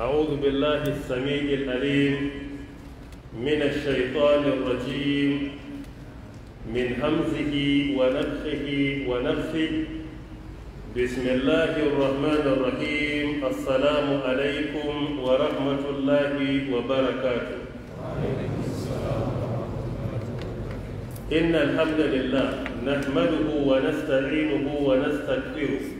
أعوذ بالله السميع العليم من الشيطان الرجيم من همزه ونفخه ونفخه بسم الله الرحمن الرحيم السلام عليكم ورحمة الله وبركاته وعليكم السلام ورحمة الله وبركاته إن الحمد لله نحمده ونستعينه ونستغفره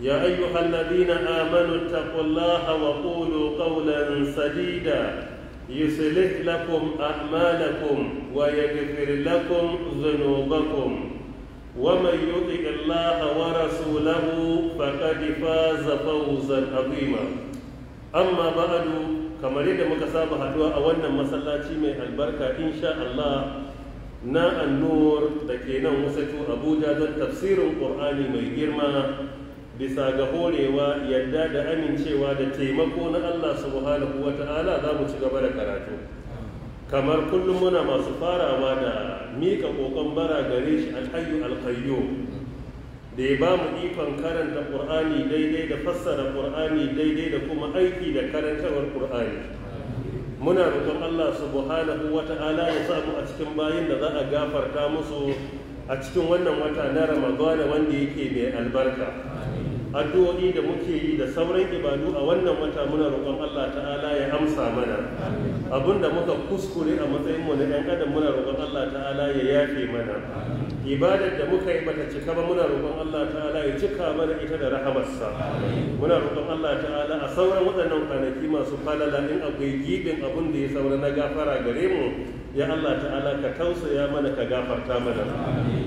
يا أيها الذين آمنوا اتقوا الله وقولوا قولا سديدا يصلح لكم أعمالكم ويغفر لكم ذنوبكم ومن يطع الله ورسوله فقد فاز فوزا عظيما أما بعد كما رد مكساب هدوء أولا مسلاتي من البركة إن شاء الله نا النور دكينا مسجو أبوجا تفسير القرآن من جرمه bisa ga horewa yadda da amincewa da taimako na Allah subhanahu wa ta'ala za mu ci gaba da karatu kamar kullum muna masu farawa da miƙa ƙoƙon bara gare shi alhayu alkayyo da ya ba mu ikon karanta ƙur'ani daidai da fassara ƙur'ani daidai da kuma aiki da karantarwar ƙur'ani muna roƙon Allah subhanahu wa ta'ala ya samu a cikin bayin da za a gafarta musu a cikin wannan wata na ramadana wanda yake mai albarka addu'o'i da muke yi da sauran ibadu a wannan wata muna roƙon Allah ta'ala ya amsa mana abinda muka kuskure a matsayin mu na ɗan adam muna roƙon Allah ta'ala ya yafe mana ibadar da muka yi bata cika ba muna roƙon Allah ta'ala ya cika mana ita da rahamarsa muna roƙon Allah ta'ala a sauran waɗannan kwanaki masu falala in akwai gibin abin da ya saura na gafara gare mu ya Allah ta'ala ka tausaya mana ka gafarta mana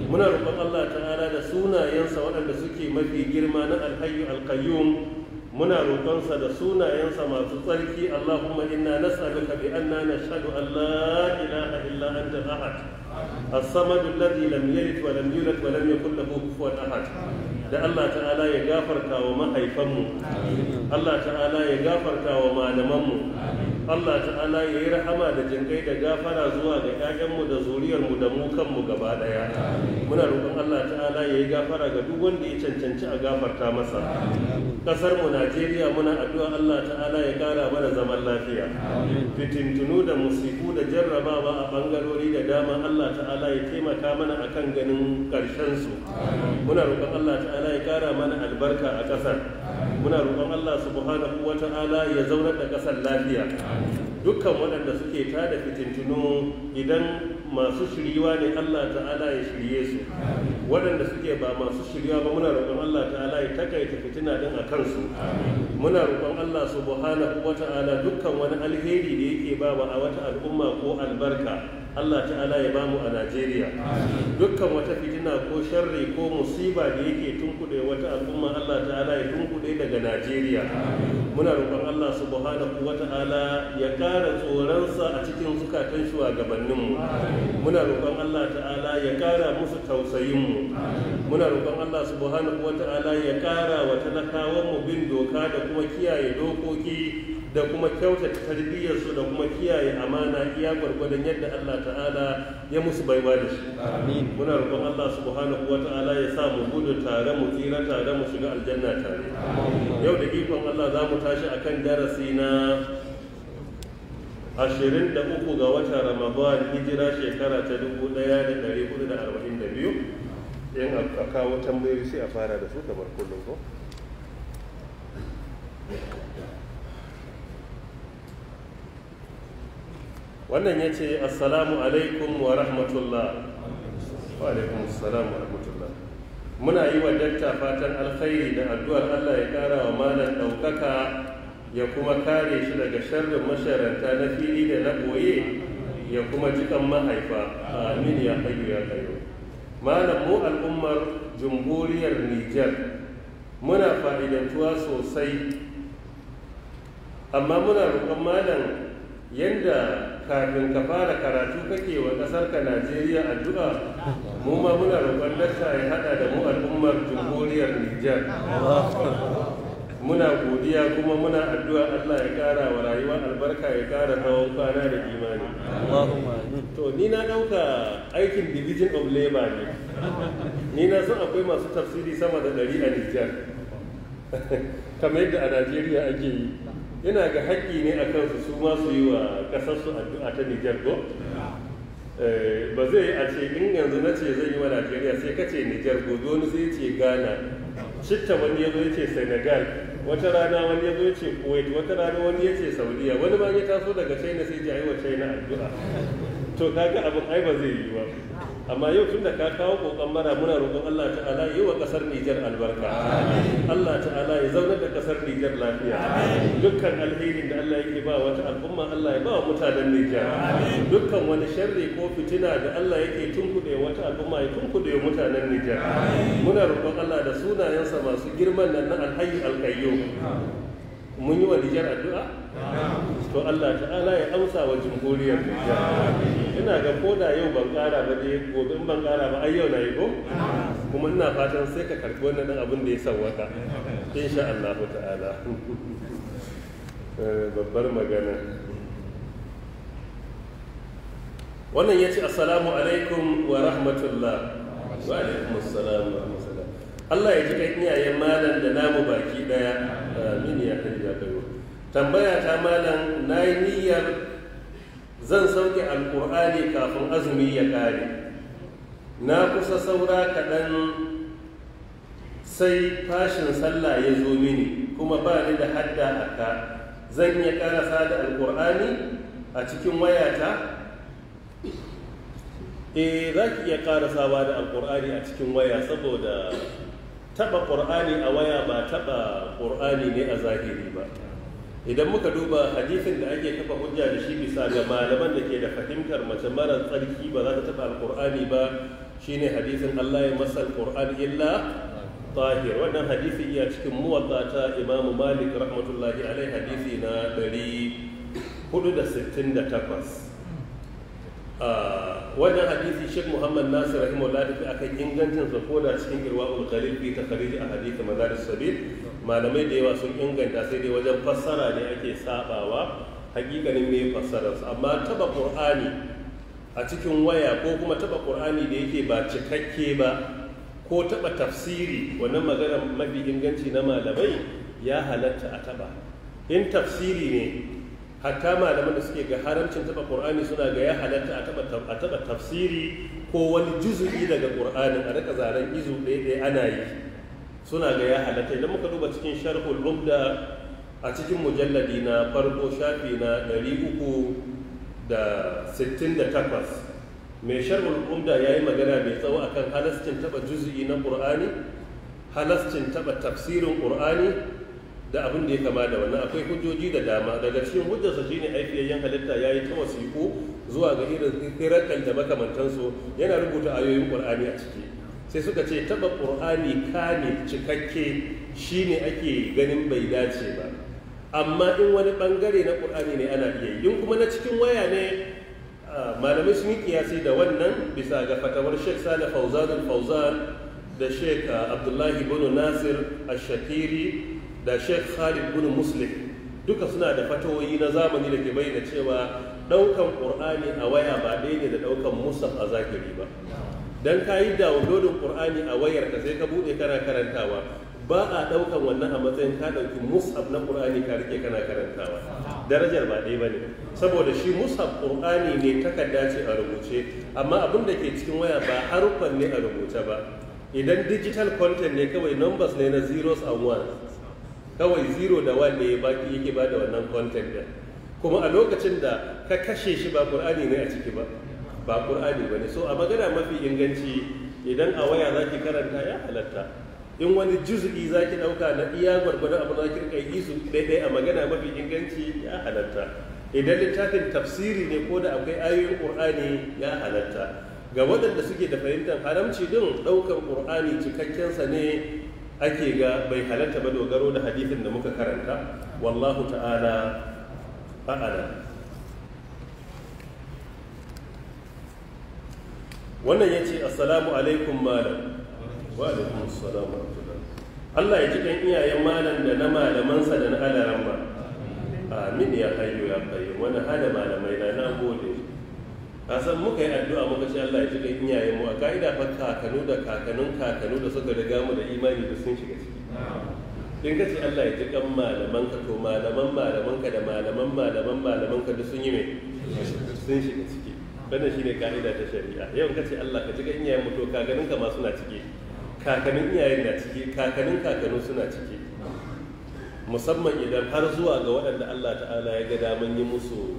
muna roƙon Allah ta'ala da sunayensa waɗanda suke mafi girma na alhayyu alqayyum muna roƙonsa da sunayensa masu tsarki Allahumma inna nas'aluka bi anna nashhadu an la ilaha illa anta ahad الصمد الذي لم يلد ولم يولد ولم يكن له كفوا احد da Allah ta'ala ya gafarta wa mahaifanmu Allah ta'ala ya gafarta wa malamanmu Allah ta'ala ya yi rahama da jinkai da gafara zuwa ga 'ya'yanmu da zuriyarmu da mu kanmu gaba ɗaya muna roƙon Allah ta'ala ya yi gafara ga duk wanda ya cancanci a gafarta masa ƙasar mu Najeriya muna addu'a Allah ta'ala ya ƙara mana zaman lafiya fitintunu da musiku da jarrabawa a ɓangarori da dama Allah ta'ala ya taimaka mana a kan ganin ƙarshen su muna roƙon Allah ta'ala ya ƙara mana albarka a ƙasar muna roƙon Allah subhanahu wa ta'ala ya zaunar da ƙasar lafiya dukkan waɗanda suke tada fitintunu idan masu shiriwa ne Allah ta'ala ya shirye su waɗanda suke ba masu shiriwa ba muna roƙon Allah ta'ala ya takaita fitina din a kansu muna roƙon Allah subhanahu ta'ala dukkan wani alheri da yake ba a wata al'umma ko albarka Allah ta'ala ya bamu a Najeriya dukkan wata fitina ko sharri ko musiba da yake tunkuɗe wata al'umma Allah ta'ala ya tunkuɗe daga Najeriya muna roƙon Allah subhanahu wata'ala ya ƙara tsoronsa a cikin zukatan shugabanninmu muna roƙon Allah ta'ala ya ƙara musu tausayinmu muna roƙon Allah subhanahu wata'ala ya ƙara wa talakawanmu bin doka da kuma kiyaye dokoki da kuma kyautata su da kuma kiyaye amana iya gwargwadon yadda Allah ta'ala ya musu baiwa da shi amin muna roƙon Allah subhanahu wa ta'ala ya sa mu gudu tare mu tsira tare mu shiga aljanna tare yau da ikon Allah za mu tashi akan darasi na ashirin da uku ga watan ramadan hijira shekara ta dubu ɗaya da ɗari hudu da arba'in da biyu in a kawo tambayoyi sai a fara da su kamar kullum ko wannan ya ce assalamu alaikum wa rahmatullah wa alaikum assalamu wa rahmatullah muna yi wa dakta fatan alkhairi da addu'ar Allah ya ƙara wa malam ɗaukaka ya kuma kare shi daga sharrin masharanta na fili da na ɓoye ya kuma jikan mahaifa amin ya hayu ya kayo malam mu al'ummar jumhuriyar Nijar muna fa'idantuwa sosai amma muna roƙon malam yadda kafin ka fara karatu kake wa ka najeriya addu'a mu ma muna roƙon lasta ya haɗa da mu al'ummar jamhuriyar nijar muna godiya kuma muna addu'a allah ya ƙara wa rayuwa albarka ya ƙara tsawon kwana da imani to ni na ɗauka aikin division of labor ne ni na san akwai masu tafsiri sama da ɗari a nijar kamar yadda a najeriya ake yi ina ga haƙƙi ne a kansu su ma su yi wa ƙasarsu addu'a ta Nijar ko? Eh, ba zai a ce in yanzu na ce zai yi wa Najeriya sai ka ce Nijar ko sai ce Ghana citta wani ya zo ya ce Senegal wata rana wani ya zo ya ce Kuwait wata rana wani ya ce Saudiya wani ma ya taso daga China sai ya yi wa China addu'a to kaga abin ai ba zai yi ba amma yau tun da ka kawo kokon mara muna roƙon Allah ta'ala yi wa ƙasar Nijar albarka Allah ta'ala ya zaunar da ƙasar Nijar lafiya dukkan alherin da Allah yake ba wata al'umma Allah ya ba wa mutanen Nijar dukkan wani sharri ko fitina da Allah yake tunkuɗe wata al'umma ya tunkuɗe mutanen Nijar muna roƙon Allah da sunayensa masu girman nan na alhayyi alƙayyo mun yi wa Nijar addu'a? To Allah ta'ala ya amsa wa jamhuriyar Nijar. Ina ga ko da yau ban ƙara ba dai gobe in ban ƙara ba ai yau na yi ko? Kuma ina fatan sai ka karɓi wannan ɗan abin da ya san sawwaka. Insha Allah ta'ala. Eh, babbar magana. Wannan ya ce Assalamu alaikum wa rahmatullah. Wa alaikum assalam wa Allah ya ji kan iyayen malam da namu baki daya amin ya kai ya kai tambaya ta malam na yi niyyar zan sauke alkur'ani kafin azumi ya kare na kusa saura kaɗan sai fashin sallah ya zo mini kuma ba ni da hadda a zan iya karasa da alkur'ani a cikin wayata eh za ki iya karasawa da alkur'ani a cikin waya saboda taba ƙur'ani a waya ba taba ƙur'ani ne a zahiri ba idan muka duba hadisin da ake kafa hujja da shi bisa ga malaman da ke da fahimtar mace mara tsarki ba za ta taba alƙur'ani ba shine hadisin Allah ya masa alƙur'an illa tahir wannan hadisi iya cikin muwatta ta imamu Malik rahmatullahi alai hadisi na 468 wannan hadisi Sheikh Muhammad Nasir rahimahullah da akan ingancin sa da cikin irwaul qarib bi takhrij a hadith madaris sabil malamai da yawa sun inganta sai dai wajen fassara ne ake sabawa hakikanin me fassara amma taba qur'ani a cikin waya ko kuma taba qur'ani da yake ba cikakke ba ko taba tafsiri wannan magana mafi inganci na malamai ya halatta a taba in tafsiri ne hatta malaman da suke ga haramcin taɓa qur'ani suna ga ya halatta a taba tafsiri ko wani juzu'i daga qur'anin a rika zaren izu ɗaya ɗaya ana yi suna ga ya halatta idan muka duba cikin sharhul umda a cikin mujalladi na farko shafi na ɗari uku da 368 mai sharhul umda ya yi magana mai tsawo akan halascin taba juzu'i na qur'ani halascin taba tafsirin qur'ani da abin da ya kama da wannan akwai hujjoji da dama daga cikin hujjarsa shine aifiyayyen halitta ya yi ta wasiƙu zuwa ga irin tsirakan da makamantansu yana rubuta ayoyin ƙur'ani a ciki sai suka ce taɓa ƙur'ani kane cikakke shi ne ake ganin bai dace ba amma in wani ɓangare na ƙur'ani ne ana iya yi kuma na cikin waya ne malamai sun yi kiyasi da wannan bisa ga fatawar sheikh salih fauzan da sheikh abdullahi Bano nasir ash-shakiri da sheikh khalid bin muslim duka suna da fatoyi na zamani da ke da cewa ɗaukan ƙur'ani a waya ba ɗaya ne da ɗaukan musaf a zakiri ba dan ka yi downloadin ƙur'ani a wayar ka sai ka buɗe kana karantawa ba a ɗaukan wannan a matsayin ka dauki musaf na ƙur'ani ka rike kana karantawa darajar ba dai ba saboda shi musaf ƙur'ani ne takarda ce a rubuce amma abin da ke cikin waya ba haruffan ne a rubuce ba idan digital content ne kawai numbers ne na zeros and ones kawai zero da one ne baki yake ba da wannan content din kuma a lokacin da ka kashe shi ba qur'ani ne a ciki ba ba qur'ani ba ne so a magana mafi inganci idan a waya zaki karanta ya halatta in wani juz'i zaki dauka na iya gwargwadon abu zaki rika yi daidai a magana mafi inganci ya halatta idan littafin tafsiri ne ko da akwai ayoyin qur'ani ya halatta ga waɗanda suke da fahimtar haramci din ɗaukar ƙur'ani cikakkensa ne ake ga bai halatta ba dogaro da hadithin da muka karanta wallahu ta'ala a'ala wannan ya ce assalamu alaikum malam wa alaikum assalamu Allah ya ji ɗan iyayen malam da na malamansa da na alaran ba amin ya hayo ya kayo wani hada malamai na na gode a san muka yi addu'a muka ce Allah ya ji da iyaye mu a ka'ida fa kakanu da kakanun kakanu da suka riga mu da imani da sun shiga ciki in ka ce Allah ya ji kan malaman ka to malaman malaman ka da malaman malaman malaman ka duk sun yi mai sun shiga ciki wannan shine ka'ida ta shari'a yau in ka ce Allah ka ji kan iyayen mu to kakanun ka ma suna ciki kakanun iyayen na ciki kakanun kakanu suna ciki musamman idan har zuwa ga waɗanda Allah ta'ala ya ga daman yi musu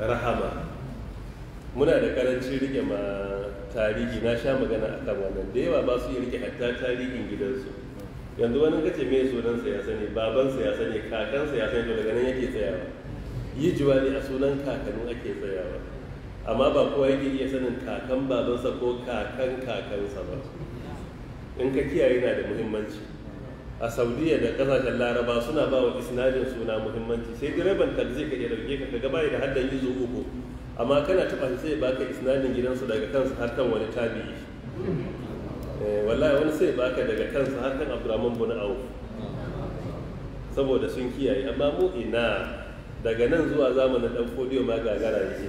rahama muna da karancin rike ma tarihi na sha magana a kan wannan da yawa ba su yi rike hatta tarihin gidansu yanzu wani kace me sunansa ya sani babansa ya sani kakansa ya sani to daga nan yake tsayawa yi ne a sunan kakannu ake tsayawa amma ba kowa yake iya sanin kakan babansa ko kakan kakansa ba in ka kiyaye yana da muhimmanci a saudiya da kasashen laraba suna ba wa isnadin suna muhimmanci sai direban taxi ka iya dauke ka ga bai da haddan yuzu uku amma kana taɓa sai sai baka isnadin gidansu daga kansu har kan wani tabi eh, wallahi wani sai baka daga kansu har kan abdurrahman bin auf saboda sun kiyaye amma mu ina daga nan zuwa zamanin dan kodiyo ma gagara yake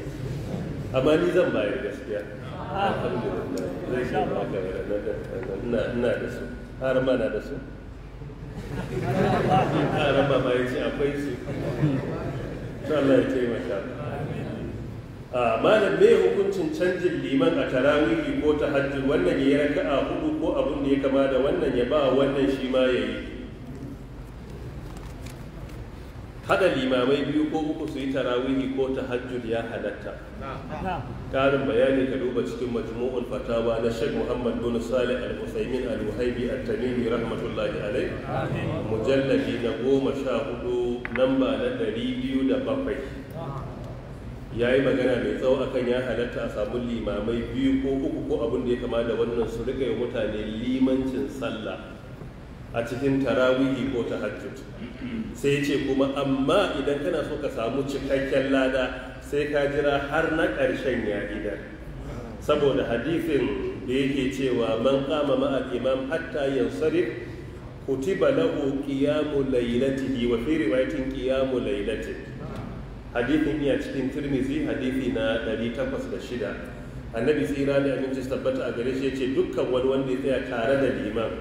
amma ni zan bayar gaskiya alhamdulillah zai baka ina ina da su har ma na da su har ma ba yace akwai su Allah yi taimaka malam me hukuncin canjin liman a tarawihi ko ta hajji wannan ya raka a hudu ko abin da ya kama da wannan ya ba wannan shi ma ya yi hada limamai biyu ko uku su yi tarawihi ko ta hajji ya halatta karin bayani ka duba cikin majmu'ul fatawa na Sheikh Muhammad bin Salih al musaimin al wahaibi al tamimi rahmatullahi alai, mujallabi na goma sha hudu namba na biyu da 207 ya yi magana mai tsawo akan ya halatta a samu limamai biyu ko uku ko abin da ya kama da wannan su rika yi mutane limancin sallah a cikin tarawihi ko ta tahajjud sai ya ce kuma amma idan kana so ka samu cikakken lada sai ka jira har na ƙarshen ya idan saboda hadisin da yake cewa man kama ma'a imam hatta yansarif kutiba lahu qiyamu lailatihi wa fi riwayatin qiyamu lailatihi hadithin iya cikin turmizi hadithi na 806 annabi tsira da aminci tabbata a gare shi ya ce dukkan wani wanda ya tsaya tare da liman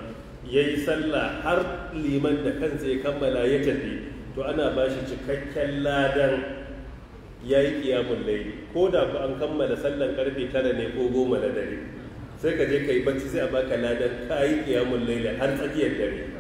ya yi sallah har liman da kansa ya kammala ya tafi to ana ba shi cikakken ladan ya yi kiyamun laili ko da ku an kammala sallan karfe tara ne ko goma na dare sai ka je ka yi bacci sai a baka ladan ka yi kiyamun laili har tsakiyar dare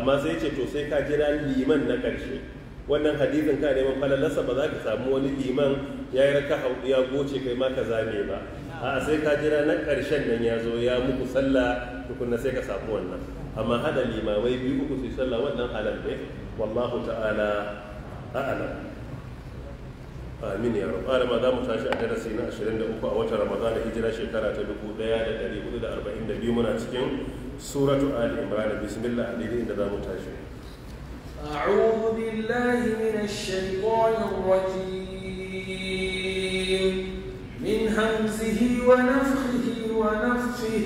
amma sai ce to sai ka jira liman na ƙarshe wannan hadisin ka neman falalarsa ba za ka samu wani liman ya yi raka hudu ya goce kai ma ka zame ba a sai ka jira na ƙarshen nan ya zo ya muku sallah tukunna sai ka samu wannan amma hada limamai biyu uku su yi sallah wannan halal ne wallahu ta'ala a'lam amin ya rabu alama za mu tashi a darasi na 23 a watan ramadana hijira shekara ta 1442 muna cikin suratu ali imran bismillah alili inda za mu tashi أعوذ بالله من الشيطان الرجيم من همزه ونفخه ونفخه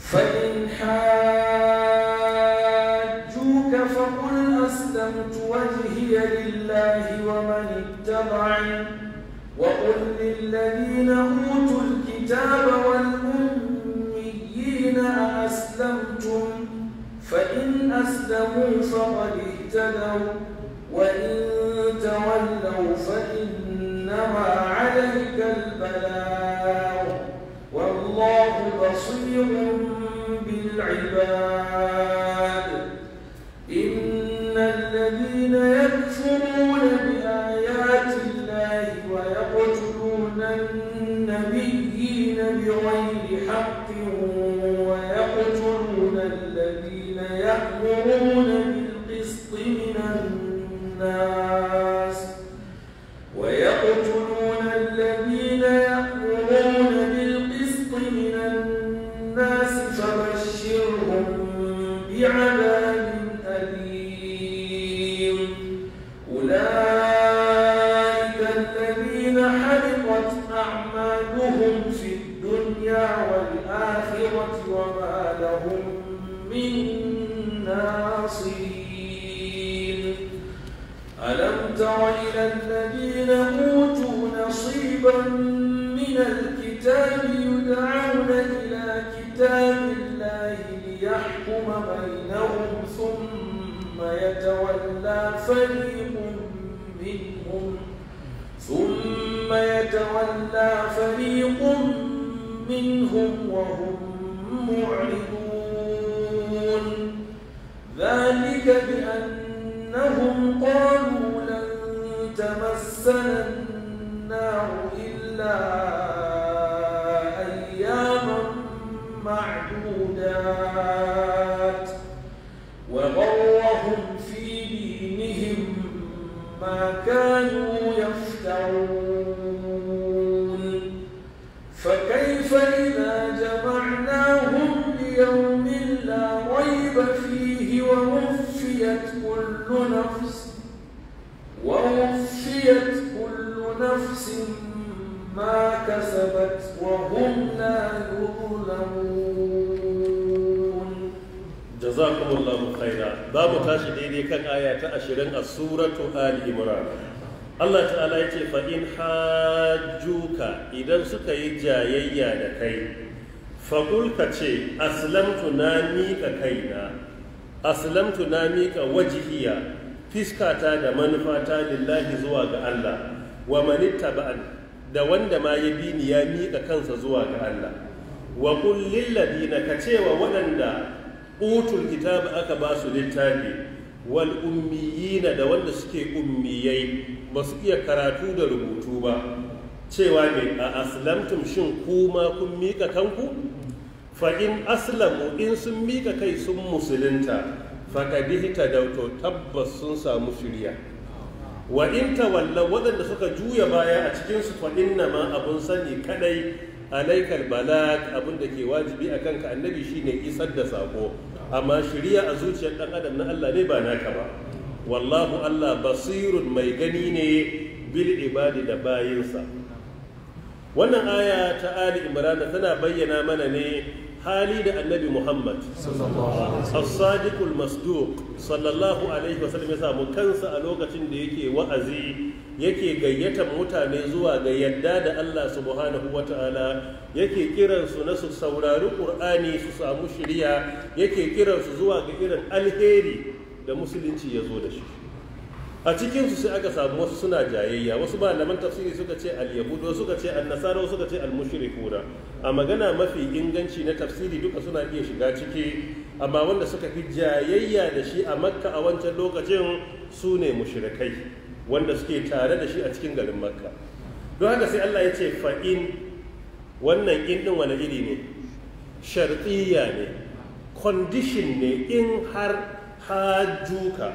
فإن حاجوك فقل أسلمت وجهي لله ومن اتبعني وقل للذين أوتوا الكتاب والأميين أأسلمتم فإن أسلموا فقد اهتدوا وإن تولوا فإنما عليك البلاغ والله بصير بالعباد ألم تر إلى الذين أوتوا نصيبا من الكتاب يدعون إلى كتاب الله ليحكم بينهم ثم يتولى فريق منهم ثم يتولى فريق منهم وهم معرضون ذلك بأن jazakumullahu khaira za daidai kan aya ta 20 a suratu ali imran Allah ta'ala ya ce fa idan suka yi jayayya da kai faƙul ka ce aslamtu na miƙa kaina aslamtu na miƙa wajihiya fiskata da manufata lillahi zuwa ga Allah wa manitta ba'an da wanda ma ya bi ni ya miƙa kansa zuwa ga Allah wa kullil ladina ka cewa waɗanda utul kitab aka ba su littafi wal ummiyina da wanda suke ummiyai ba su iya karatu da rubutu ba cewa ne a aslamtum shin kuma kun miƙa kanku fa in aslamu in sun mika kai sun musulunta fakadihta da to tabbas sun samu shirya wa in tawalla waɗanda suka juya baya a cikinsu fa inna ma abun sani kadai alaikal balak abin da ke wajibi a kanka annabi shine isar da sako amma shirya a zuciyar ɗan adam na Allah ne ba naka ba wallahu Allah basirun mai gani ne bil ibadi da bayinsa wannan aya ta ali imran tana bayyana mana ne hali da annabi muhammad as-sadiqul masduq sallallahu alaihi wasallam ya samu kansa a lokacin da yake wa'azi yake gayyata mutane zuwa ga yadda da Allah subhanahu wata'ala yake kiransu na su saurari ƙur'ani su samu shirya yake kiransu zuwa ga irin alheri da musulunci ya zo da shi a cikinsu sai aka samu wasu suna jayayya wasu malaman tafsiri suka ce al-yahudu suka ce an suka ce al-mushrikuna a magana mafi inganci na tafsiri duka suna iya shiga ciki amma wanda suka fi jayayya da shi a makka a wancan lokacin su ne mushrikai wanda suke tare da shi a cikin garin makka don haka sai allah ya ce fa'in wannan in din wani iri ne Sharfiya ne condition ne in har hajuka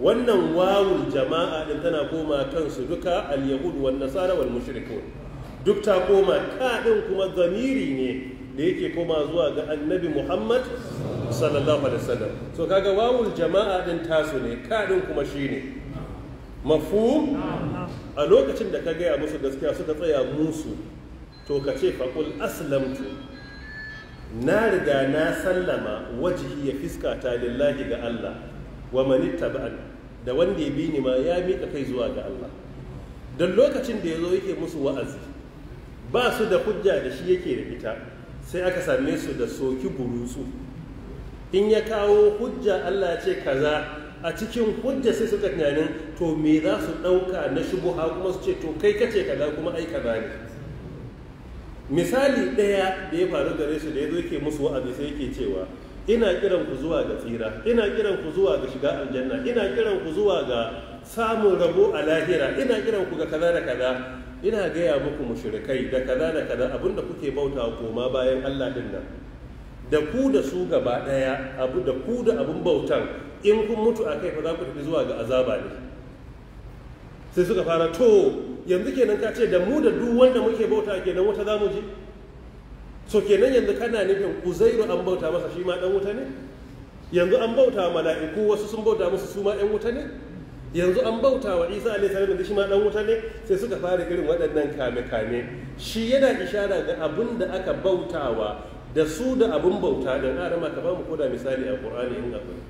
wannan wawul jama'a din tana koma kansu duka al-yahud wan nasara wal mushrikun duk ta koma ka din kuma zamiri ne da yake koma zuwa ga annabi Muhammad sallallahu alaihi wasallam so kaga wawul jama'a din tasu ne ka din kuma shine mafu a lokacin da ka gaya musu gaskiya suka tsaya musu to ka ce faƙul aslamtu na riga na sallama wajihi ya ta lillahi ga Allah wa manitta ba'an da wanda ya bi ni ma ya miƙa kai zuwa ga Allah don lokacin da ya zo yake musu wa'azi ba su da hujja da shi yake da ita sai aka same su da soki burusu in ya kawo hujja Allah ce kaza a cikin hujja sai suka tunanin to me za su ɗauka na shubuha kuma su ce to kai kace kaza kuma ai kaza ne misali ɗaya da ya faru gare su da ya zo yake musu wa'azi sai yake cewa ina kiran ku zuwa ga tsira ina kiran ku zuwa ga shiga aljanna ina kiran ku zuwa ga samun rabo a lahira ina kiran ku ga kaza da kaza ina gaya muku mushrikai da kaza da kaza abinda kuke bauta koma bayan Allah din nan da ku da su gaba daya abu da ku da abun bautan in kun mutu a kai fa za ku tafi zuwa ga azaba ne sai suka fara to yanzu kenan ka ce da mu da duk wanda muke bauta kenan wata za mu ji so kenan yanzu kana nufin uzairu an bauta masa shi ma dan wuta ne yanzu an bauta wa mala'iku wasu sun bauta musu su ma yan wuta ne yanzu an bauta wa isa ne salam da shi ma dan wuta ne sai suka fara irin waɗannan kame kame shi yana ishara ga abin da aka bautawa da su da abin bauta dan arama ka ba mu koda misali a qur'ani in akwai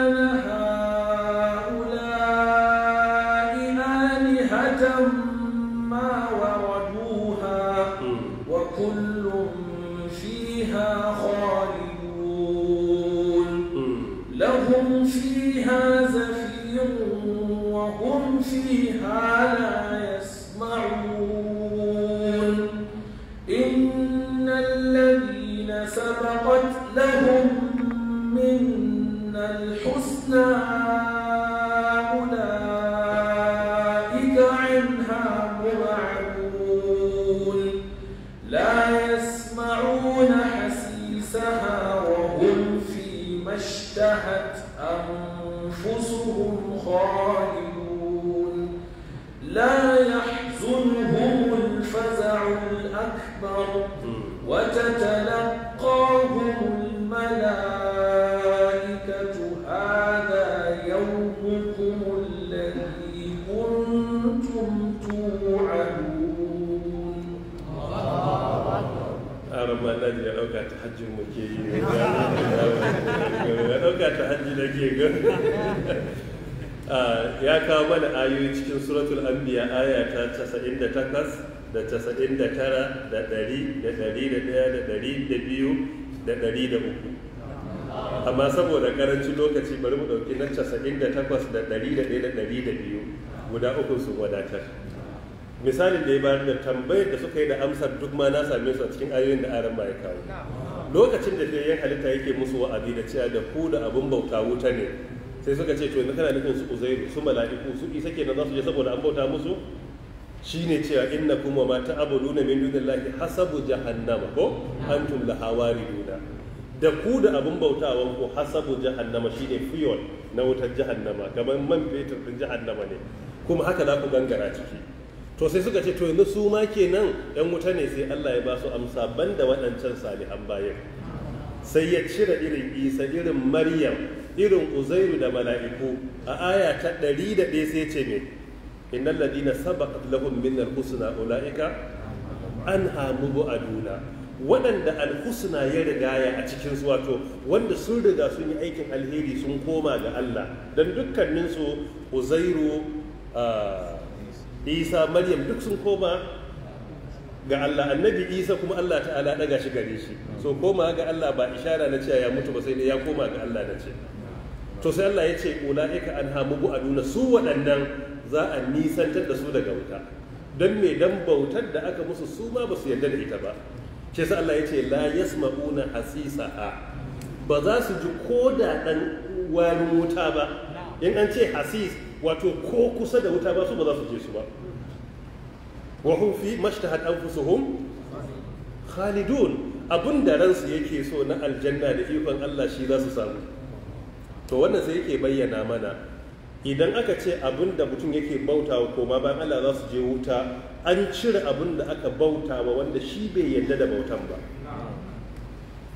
ga ah, ya kawo mana ayoyi cikin suratul anbiya aya ta 98 da 99 da 100 da 101 da 102 da 103 amma saboda karancin lokaci bari mu dauki na 98 da 101 da 102 guda uku su wadatar misalin da ya bayar da tambayar da suka yi da amsar duk ma na same su a cikin ayoyin da aran ma ya kawo lokacin da fiyayyen halitta yake musu wa'azi da cewa da ku da abin bauta wuta ne sai suka ce to yanzu kana nufin su uzairu su mala'iku su isa kenan za su je saboda an bauta musu shine cewa inna kuma ma ta'buduna min dunillahi hasabu jahannama ko antum laha wariduna da ku da abin bautawan ku hasabu jahannama shine fuel na wutar jahannama kamar man fetur din jahannama ne kuma haka za ku gangara ciki to sai suka ce to yanzu su ma kenan yan wuta ne sai Allah ya ba su amsa banda waɗancan salihan bayan sai ya cire irin Isa irin Maryam irin Uzairu da mala'iku a aya ta ɗari da ɗaya sai ce me innal ladina sabaqat lahum min al-husna ulaika anha mubaduna waɗanda alhusna ya rigaya a cikin su wato wanda sun riga sun yi aikin alheri sun koma ga Allah don dukkaninsu Uzairu ah, isa maryam duk sun koma ga Allah annabi isa kuma Allah ta'ala daga shi gare shi so koma ga Allah ba ishara na cewa ya mutu ba sai ne ya koma ga Allah na ce to sai Allah ya ce ulaika an hamu bu aduna su waɗannan za a nisantar da su daga wuta don me dan bautar da aka musu su ma ba su yarda da ita ba shi sai Allah ya ce la yasma'una ba za su ji ko da dan wani wuta ba in an ce hasis wato ko kusa da wuta ba su ba za su je su ba wa hum fi mashtahat anfusuhum khalidun abun da ransu yake so na aljanna da ikon Allah shi za su samu to wannan sai yake bayyana mana idan aka ce abin da mutum yake bautawa koma bayan Allah za su je wuta an cire abin da aka bauta bautawa wanda shi bai yarda da bautan ba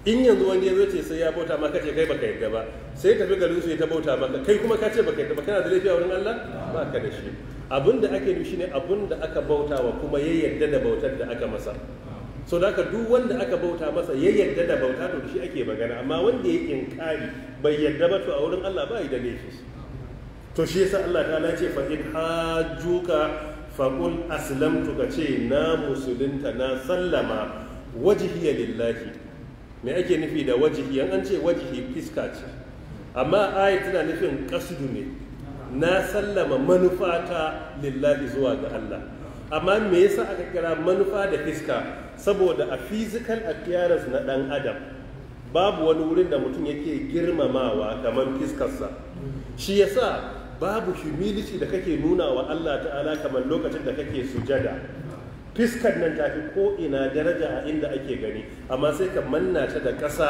in yanzu wani ya ce sai ya bauta maka ce kai baka yadda ba sai tafi garin su ya ta bauta maka kai kuma ka ce baka yadda ba kana da laifi a wurin Allah ba ka da shi abin da ake nufi ne abin da aka bauta wa kuma ya yadda da bautar da aka masa so da duk wanda aka bauta masa ya yadda da bauta to shi ake magana amma wanda ya inkari bai yadda ba to a wurin Allah ba da laifi to shi yasa Allah ta ce fa in hajjuka faqul aslamtu ka ce na musulunta na sallama wajhiya lillahi me ake nufi da wajihi an ce wajihi fiska ce amma tana nufin kasudu ne na sallama ta lillahi zuwa ga Allah amma me yasa aka kira manufa da fiska saboda a physical appearance na dan adam babu wani wurin da mutum yake girmamawa kamar fiskarsa shi yasa babu humility da kake nuna wa Allah ta'ala kamar lokacin da kake sujada fiskar nan tafi ko ina daraja a inda ake gani amma sai ka manna ta da ƙasa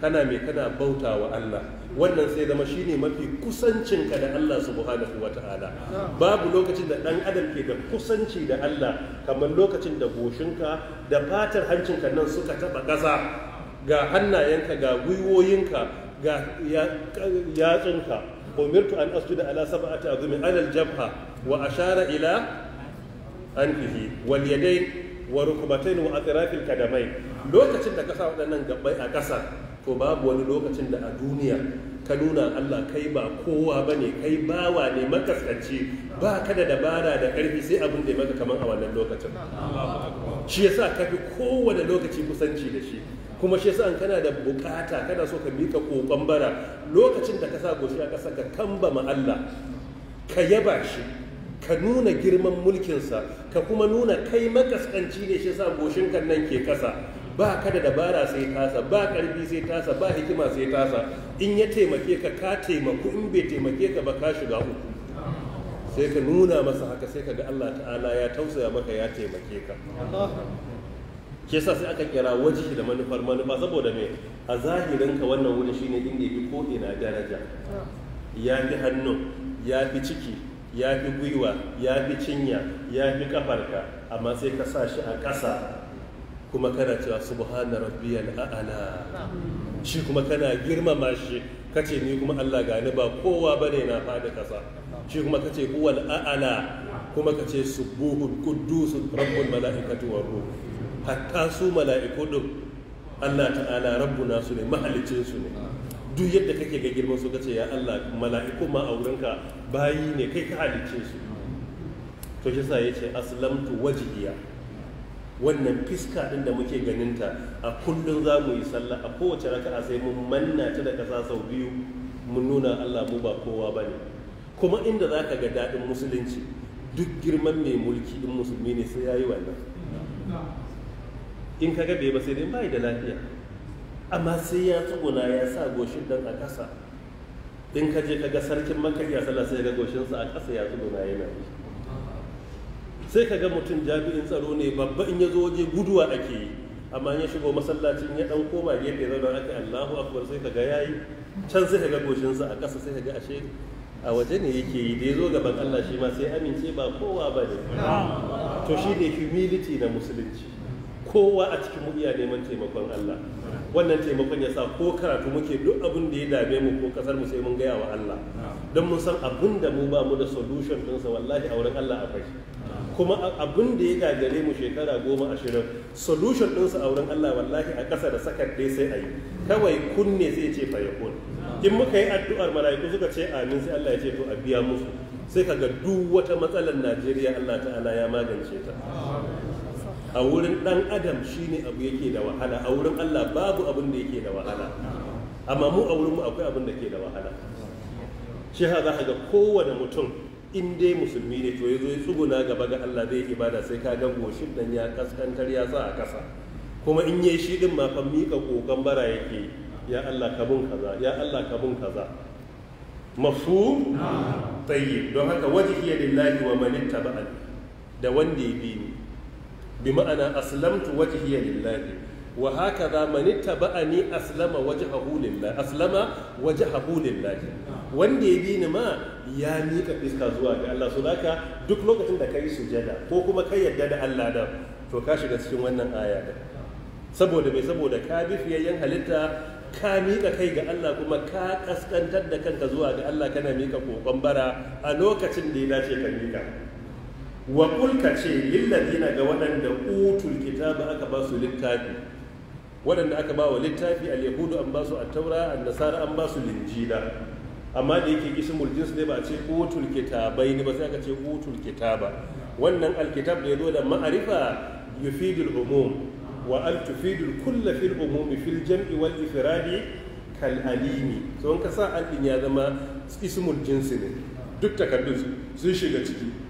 kana mai kana bauta wa Allah wannan sai zama shine mafi kusancinka da Allah subhanahu wa ta'ala babu lokacin da ɗan adam ke da kusanci da Allah kamar lokacin da goshinka da fatar hancinka nan suka taɓa ƙasa ga hannayenka ga gwiwoyinka ga yatsunka umirtu an asjuda ala sab'ati azmi ala al-jabha wa ashara ila anfihi wal yadayn wa rukbatayn wa atrafil kadamai lokacin da kasa waɗannan gabbai a ƙasa to babu wani lokacin da a duniya ka nuna Allah kai ba kowa ba ne kai bawa ne makaskanci ba ka da dabara da ƙarfi sai abin da ya maka kamar a wannan lokacin shi yasa ka fi kowane lokaci kusanci da shi kuma shi yasa an kana da bukata kana so ka mika kokon bara lokacin da ka sa goshi a ƙasa ka kamba ma Allah ka yaba shi ka nuna girman mulkinsa ka kuma nuna kai makaskanci ne shi sa goshin kan nan ke kasa ba ka da dabara sai tasa ba karfi sai tasa ba hikima sai tasa in ya taimake ka ka taimaku in bai taimake ka ba ka shiga uku sai ka nuna masa haka sai ka ga Allah ta'ala ya tausaya maka ya taimake ka ke sa sai aka kira wajihi da manufar manufa saboda me a zahirin ka wannan wurin shine inda ya fi ko ina daraja ya fi hannu ya fi ciki ya fi gwiwa ya fi cinya ya fi kafarka amma sai ka sa shi a ƙasa kuma kana cewa subhana rabbiyal a'ana. shi kuma kana girmama shi kace ni kuma Allah gani ba kowa bane na fada ƙasa shi kuma kace huwal a'ala kuma kace subuhul quddus rabbul malaikatu wa ruh hatta su mala'iku din Allah ta'ala rabbuna su ne mahalicin su ne duk yadda kake ga girman su kace ya Allah mala'iku ma a wurin ka bayi ne kai ka halicce su to shi sa yace aslamtu wajhiya wannan fiska din da muke ganin ta a kullun za mu yi sallah a kowace raka'a sai mun manna ta da kasa sau biyu mun nuna Allah mu ba kowa bane kuma inda zaka ga dadin musulunci duk girman mai mulki din musulmi ne sai yayi wannan in kaga bai ba sai dai bai da lafiya amma sai ya tsuguna ya sa goshin dan a ƙasa in ka je ka ga sarkin ya sallah sai ga goshinsa a ƙasa ya tsuguna yana yi sai ka ga mutum jami'in tsaro ne babba in ya zo waje guduwa ake yi amma ya shigo masallacin ya dan koma gefe zauna aka Allahu akbar sai ka ga yayi can sai ka ga goshinsa a ƙasa sai ka ga ashe a waje ne yake yi da ya zo gaban Allah shi ma sai amince ba kowa ba ne to shi ne humility na musulunci kowa a cikin mu iya neman taimakon Allah wannan taimakon ya sa ko karatu muke duk abin da ya dame mu ko kasar mu sai mun gaya wa Allah don mun san abin da mu ba mu da solution sa wallahi a wurin Allah fashi kuma abin da ya gagare mu shekara goma ashirin solution sa a wurin Allah wallahi a ƙasa da sakar dai sai a yi kawai kunne zai ce fa yakun in muka yi addu'ar mala'iku suka ce amin sai Allah ya ce to a biya musu sai kaga duk wata matsalar Najeriya Allah ta'ala ya magance ta a wurin ɗan adam ne abu yake da wahala a wurin Allah babu abin da yake da wahala amma mu a wurin mu akwai abin da ke da wahala shi ha za ga kowane mutum in dai musulmi ne to ya zo ya tsuguna gaba ga Allah zai ibada sai ka ga goshin dan ya kaskantar ya sa a kasa kuma in yayi shi din ma fa mika kokan bara yake ya Allah ka bun kaza ya Allah ka bun kaza Mafu? tayyib don haka wajhiya lillahi wa man ittaba'ani da wanda ya bi ni bi ma'ana aslamtu wajhiya lillahi wa hakaza man ittaba'ani aslama wajhahu lillahi aslama wajhahu lillahi wanda ya bini ni ma ya miƙa fiska zuwa ga Allah so zaka duk lokacin da kai sujada ko kuma kai yadda da Allah da to ka shiga cikin wannan aya da saboda mai saboda ka bi fiyayyen halitta ka miƙa kai ga Allah kuma ka ƙasƙantar da kanka zuwa ga Allah kana mika kokon bara a lokacin da ya dace ka miƙa wa kulka ce lillazina ga waɗanda utul kitaba aka ba su littafi waɗanda aka ba wa littafi al-yahudu an ba su at-taura an-nasara an ba su linjila amma da yake ismul jins ne ba a ce utul kitabai ne ba sai aka ce utul kitaba wannan alkitab da ya zo da ma'arifa yufidul umum wa al tufidul kulla fil umumi fil jam'i wal ifradi kal alimi so in ka sa al ya zama ismul jinsi ne duk takardun sun shiga ciki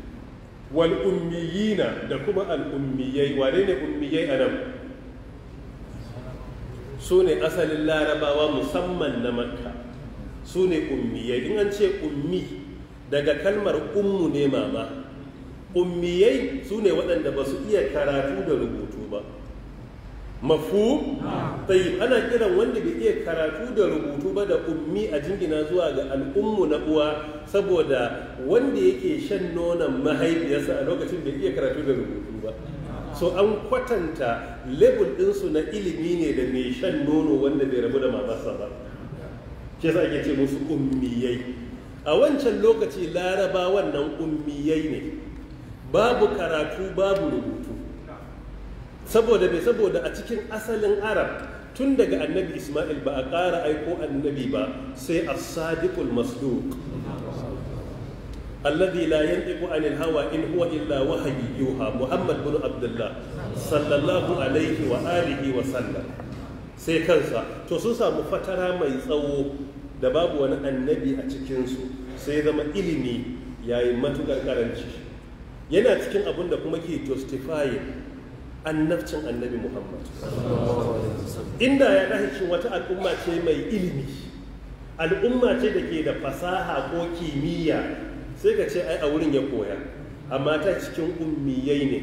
wal ummiyina da kuma al'ummiyai. ummiyai wane ne ummiyai anan su ne asalin larabawa musamman na makka su ne ummiyai in an ce ummi daga kalmar ummu ne mama ummiyai su ne waɗanda ba su iya karatu da rubutu ba mafu tayyib ana kiran wanda bai iya karatu da rubutu ba da ummi a jingina zuwa ga al'ummu na uwa saboda wanda yake shan nonon mahaifiyarsa a lokacin bai iya karatu da rubutu ba so an kwatanta level su na ilimi ne da mai shan nono wanda bai rabu da mamarsa ba Ke sa ake ce musu ummiyai a wancan lokaci laraba wannan ummiyai ne babu karatu babu rubutu saboda bai saboda a cikin asalin arab tun daga annabi ismail ba a ƙara aiko annabi ba sai a sadiqul masduq alladhi la yantiqu anil hawa in huwa illa wahyi yuha muhammad bin abdullah sallallahu alaihi wa alihi wa sallam sai kansa to sun samu fatara mai tsawo da babu wani annabi a cikin su sai zama ilimi yayi matukar karanci yana cikin abin da kuma ke justifying annabcin annabi muhammad inda ya shi wata al'umma ce mai ilimi al'umma ce da ke da fasaha ko kimiyya sai ka ce ai a wurin ya koya amma ta cikin ummiyai ne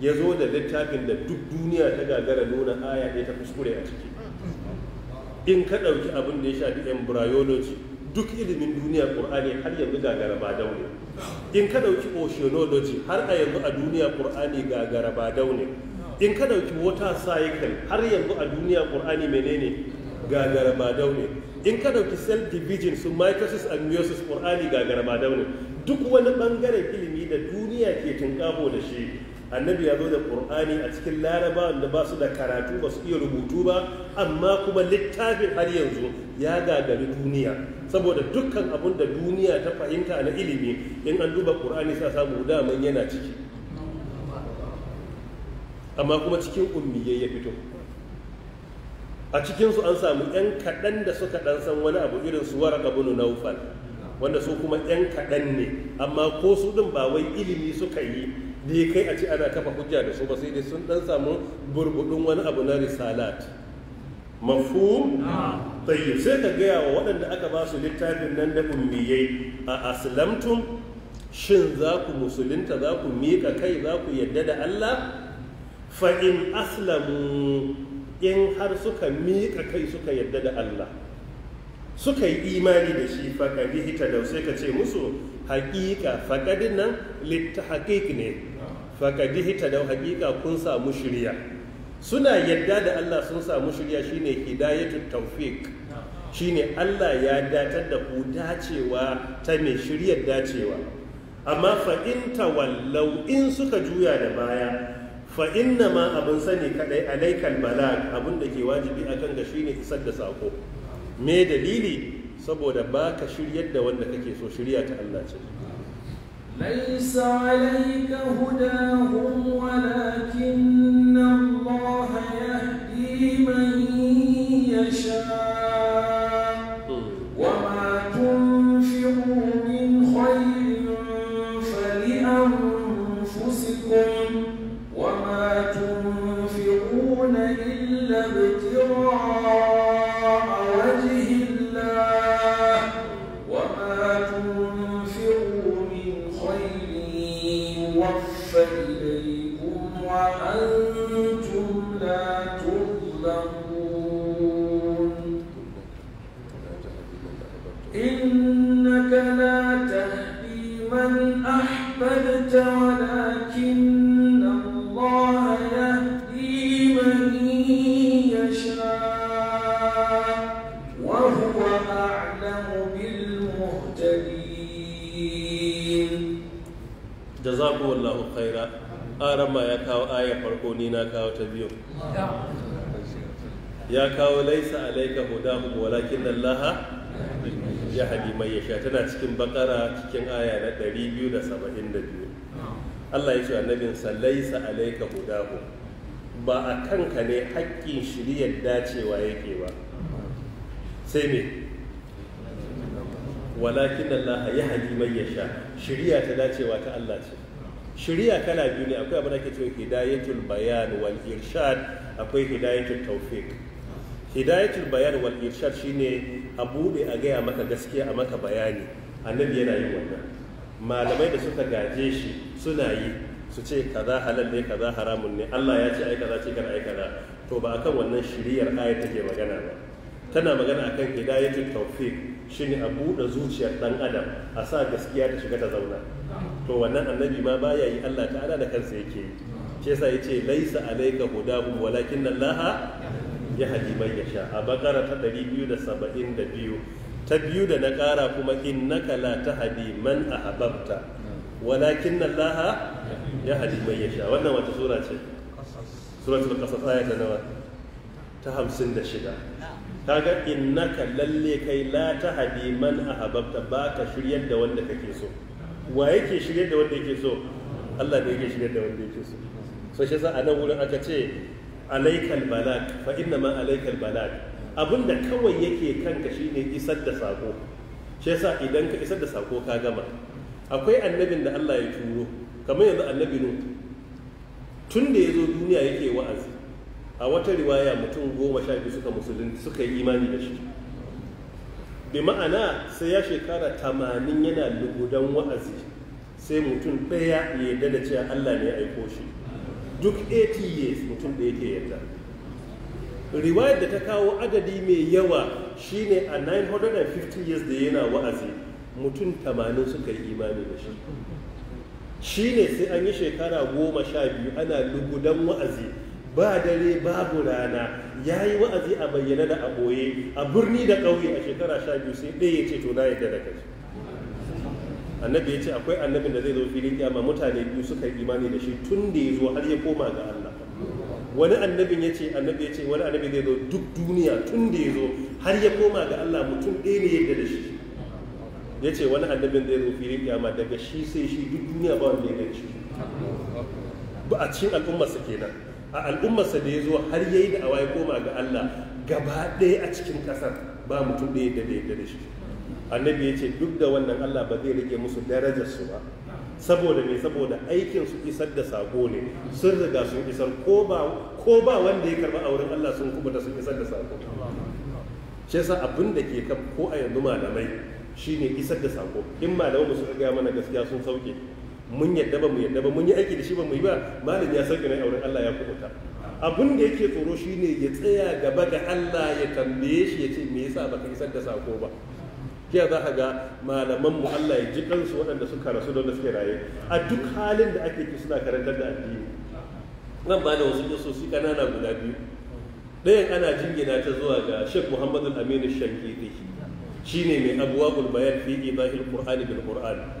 ya zo da littafin da duk duniya ta gagara nuna aya ɗaya ta kuskure a ciki in ka ɗauki abin da ya shafi embryology duk ilimin duniya ƙur'ani har yanzu gagara ba daune in ka ɗauki oceanology har a yanzu a duniya ƙur'ani gagara ba daune in ka dauki water cycle har yanzu a duniya ƙur'ani menene gagara madau daune. in ka dauki cell division su mitosis and meiosis ƙur'ani gagara madau daune. duk wani ɓangaren ilimi da duniya ke tunƙaho da shi annabi ya zo da ƙur'ani a cikin laraba da ba su da karatu ba su iya rubutu ba amma kuma littafin har yanzu ya gagari duniya saboda dukkan abun da duniya ta fahimta na ilimi in an duba ƙur'ani sa samu daman yana ciki amma kuma cikin ummiyai ya fito a cikinsu an samu 'yan kaɗan da suka ɗan san wani abu irin su ga bunu naufal wanda su kuma 'yan kaɗan ne amma ko su ɗin ba wai ilimi suka yi da ya kai a ci ana kafa hujja da su ba sai dai sun ɗan samu burbuɗin wani abu na risalat mafu tsaye sai ka gaya wa waɗanda aka ba su littafin nan da ummiyai a aslamtum shin za ku musulunta za ku miƙa kai za ku yadda da Allah fa'in aslamu in har suka miƙa kai suka yadda da Allah suka yi imani da shi faƙaɗi hita da sai ka ce musu haƙiƙa faƙaɗin nan litta haƙiƙ ne faƙaɗi hita da haƙiƙa kun samu shirya suna yadda da Allah sun samu shirya shine hidayatul tawfiq shine Allah ya datar da ku dacewa ta mai shiryar dacewa amma fa'in tawallau in suka juya da baya fa inna ma abin sani kadai alaikal balag abin da ke wajibi a kan gashi ne isar da sako me dalili saboda ba ka shiryar da wanda kake so shirya ta Allah ce laisa alayka hudahum nan الله yahdi man farko ni na kawo ta biyu ya kawo laisa alaika hudahum walakin Allah ya hadi mai yasha tana cikin bakara cikin aya na 272 Allah ya ce annabin sa laisa alaika hudahum ba a kanka ne haƙƙin shiryar dacewa yake ba sai me walakin Allah ya hadi mai yasha shiriya ta dacewa ta Allah ce shari'a kala biyu ne akwai abin da ke cewa hidayatul bayan wal irshad akwai hidayatul tawfiq hidayatul bayan wal irshad shine a bude a gaya maka gaskiya a maka bayani annabi yana yin wannan malamai da suka gaje shi suna yi su ce kaza halal ne kaza haramun ne Allah ya ce ai kaza ce kana ai kaza to ba akan wannan shiriyar ayat take magana ba tana magana akan hidayatul tawfiq shine a buɗe zuciyar ɗan adam a sa gaskiya ta shiga ta zauna to wannan annabi ma baya yi Allah ta'ala da kansa yake yi sa yasa yace laisa alayka hudahum walakin Allah ya hadi man yasha a bakara ta 272 ta biyu da na kara kuma innaka la tahdi man ahbabta walakin Allah ya hadi man yasha wannan wata sura ce suratul qasas aya ta nawa ta 56 kaga innaka lalle kai la tahdi man ahbabta ba ka shiryar da wanda kake so wa yake shiryar da wanda yake so Allah ne yake shiryar da wanda yake so so shi yasa a nan wurin aka ce alaikal balak fa inna ma alaikal balak abinda kawai yake kanka shine isar da sako shi yasa idan ka isar da sako ka gama akwai annabin da Allah ya turo kamar yanzu annabi nu tun da ya zo duniya yake wa'azi a wata riwaya mutum goma sha biyu suka musulunci suka yi imani da shi bi ma'ana sai ya shekara tamanin yana lugudan wa'azi sai mutum ɗaya ya yarda da cewa allah ne ya aiko shi duk 80 years mutum ɗaya ke yarda riwayar da ta kawo adadi mai yawa shine a 950 years da yana wa'azi mutum tamanin suka yi imani da shi shine sai an yi shekara goma sha biyu ana lugudan wa'azi ba dare babu rana ya yi wa'azi a bayyana da a ɓoye a birni da ƙauye a shekara sha biyu sai ɗaya ya ce to na yadda da kai annabi ya ce akwai annabin da zai zo filin kiyama mutane biyu suka yi imani da shi tun da ya zo har ya koma ga Allah wani annabin ya ce annabi ya ce wani annabi zai zo duk duniya tun da ya zo har ya koma ga Allah mutum ɗaya ne yadda da shi ya ce wani annabin zai zo filin kiyama daga shi sai shi duk duniya ba wanda ya gani shi ba a cikin al'ummarsa kenan a al'ummarsa da ya zo har yayi da ya koma ga Allah gaba ɗaya a cikin ƙasar ba mutum ɗaya da ya da shi annabi ya ce duk da wannan Allah ba zai rage musu darajar su ba saboda me saboda aikin su isar da sako ne sun riga sun isar ko ba wanda ya karba a wurin Allah sun kubuta sun isar da sako shi yasa abin da ke ko a yanzu malamai shine isar da sako in malamai su riga mana gaskiya sun sauke mun yadda ba mu yadda ba mun yi aiki da shi ba mu yi ba malam ya sauke na auren Allah ya kubuta abin da yake tsoro shine ya tsaya gaba ga Allah ya tambaye shi ya ce me yasa baka isar da sako ba kiya za ka ga malaman mu Allah ya ji kansu waɗanda suka rasu da suke raye a duk halin da ake ki suna karantar da addini zan ba da wasu kisosi kanana guda biyu ɗayan ana jingina ta zuwa ga Sheikh Muhammad Al-Amin Shankiti shine mai abuwa bayan fi ibahil Qur'ani bil Qur'ani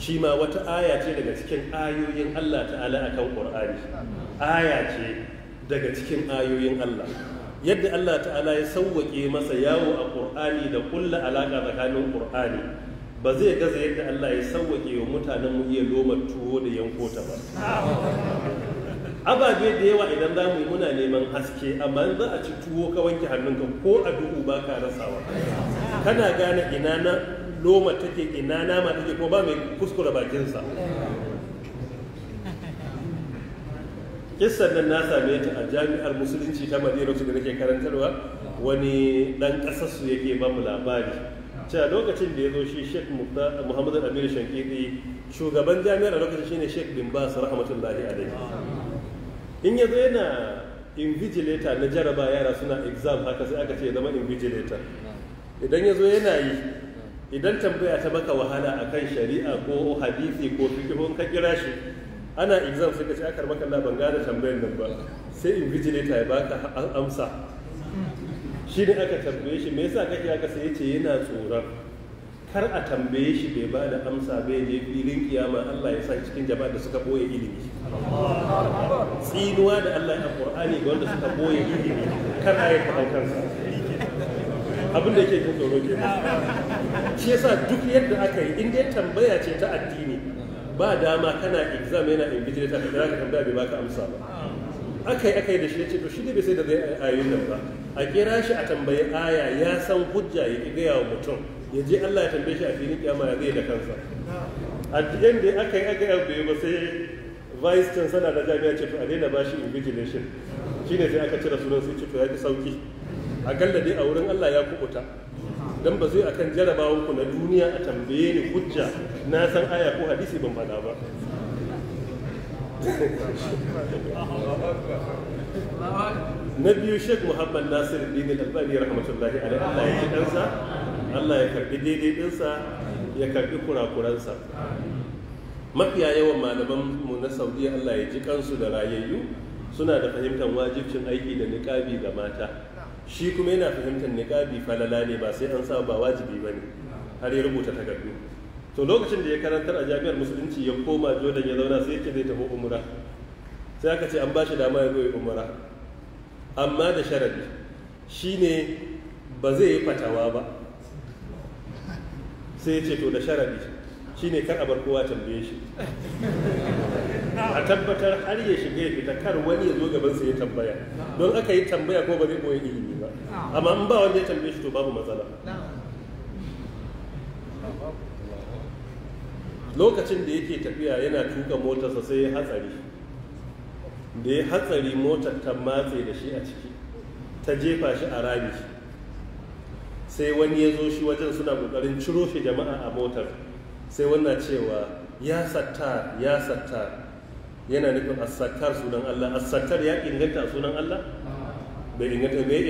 shi ma wata aya ce daga cikin ayoyin Allah ta'ala akan Qur'ani aya ce daga cikin ayoyin Allah yadda Allah ta'ala ya sauwake masa yawo a Qur'ani da kulla alaƙa tsakanin Qur'ani ba zai gaza yadda Allah ya sauwake wa mutanen mu iya loma tuwo da yanko ta ba ababe da yawa idan za mu muna neman haske amma za a ci tuwo ka wanke hannunka ko a duhu ba ka rasawa kana gane ina na loma take ina nama take kuma ba mai kuskura bakinsa kissan nan na same ta a jami'ar musulunci ta madina su da nake karantarwa wani dan kasarsu yake ba mu labari cewa lokacin da ya zo shi sheikh muhammad amir shankidi shugaban jami'ar lokacin shine sheikh bin bas rahmatullahi alaihi in ya zo yana invigilator na jaraba yara suna exam haka sai aka ce ya zama invigilator idan ya zo yana yi idan tambaya ta baka wahala a kan shari'a ko hadisi ko fikihun ka kira shi ana exam sai ka ce aka maka ban gane tambayar nan ba sai invigilator ya baka amsa shi ne aka tambaye shi me yasa kake aka sai yace yana tsoron kar a tambaye shi bai ba da amsa bai je filin kiyama Allah ya sa cikin jama'a da suka boye ilimi tsinuwa da Allah ya Qur'ani ga wanda suka boye ilimi kar a yi kansa abin da yake kan tsoro ke shi yasa duk yadda aka yi in ya tambaya ce ta addini ba dama kana exam yana invigilata ka kira ka tambaya bai baka amsa ba aka yi aka yi da shi ya ce to shi ne bai sai da zai ayoyin nan ba a kira shi a tambayi aya ya san hujja ya ki gaya mutum ya je Allah ya tambaye shi a filin kiyama ya zai da kansa a cikin da aka yi aka yi ba sai vice chancellor da jami'a ce to a daina ba shi Shi ne sai aka cire sunan sai ce to ya ki sauki A dai a wurin Allah ya kubuta dan ba zai akan jarabawa ku na duniya a tambaye ni hujja na san aya ko hadisi ban faɗa ba na biyu sheikh muhammad nasir din al-albani rahmatullahi alaihi Allah ya ɗansa, Allah ya karbi daidai ɗinsa ya karbi kurakuransa mafiya yawan malaman mu na saudiya Allah ya ji kansu da rayayyu suna da fahimtar wajibcin aiki da niƙabi ga mata shi kuma yana fahimtar niqabi falala ne ba sai an sa ba wajibi ba ne har ya rubuta takardu to lokacin da ya karantar a jami'ar musulunci ya koma jordan ya zauna sai yake zai tafi umra sai aka ce an ba shi dama ya zo ya amma da sharadi shine ba zai yi fatawa ba sai ce to da sharadi shine kar a bar kowa tambaye shi a tabbatar har ya shiga ya fita kar wani ya zo gaban sa ya tambaya don aka yi tambaya ko ba zai koyi ilimi amma in ba wanda ya tambaye shi to babu matsala lokacin da yake tafiya yana tuka motarsa sai ya hatsari da ya hatsari motar ta matse da shi a ciki ta jefa shi a rami sai wani ya zo shi wajen suna kokarin ciro shi jama'a a motar sai wannan cewa ya sattar ya sattar yana nufin asattar sunan Allah asattar ya inganta sunan Allah bai inganta bai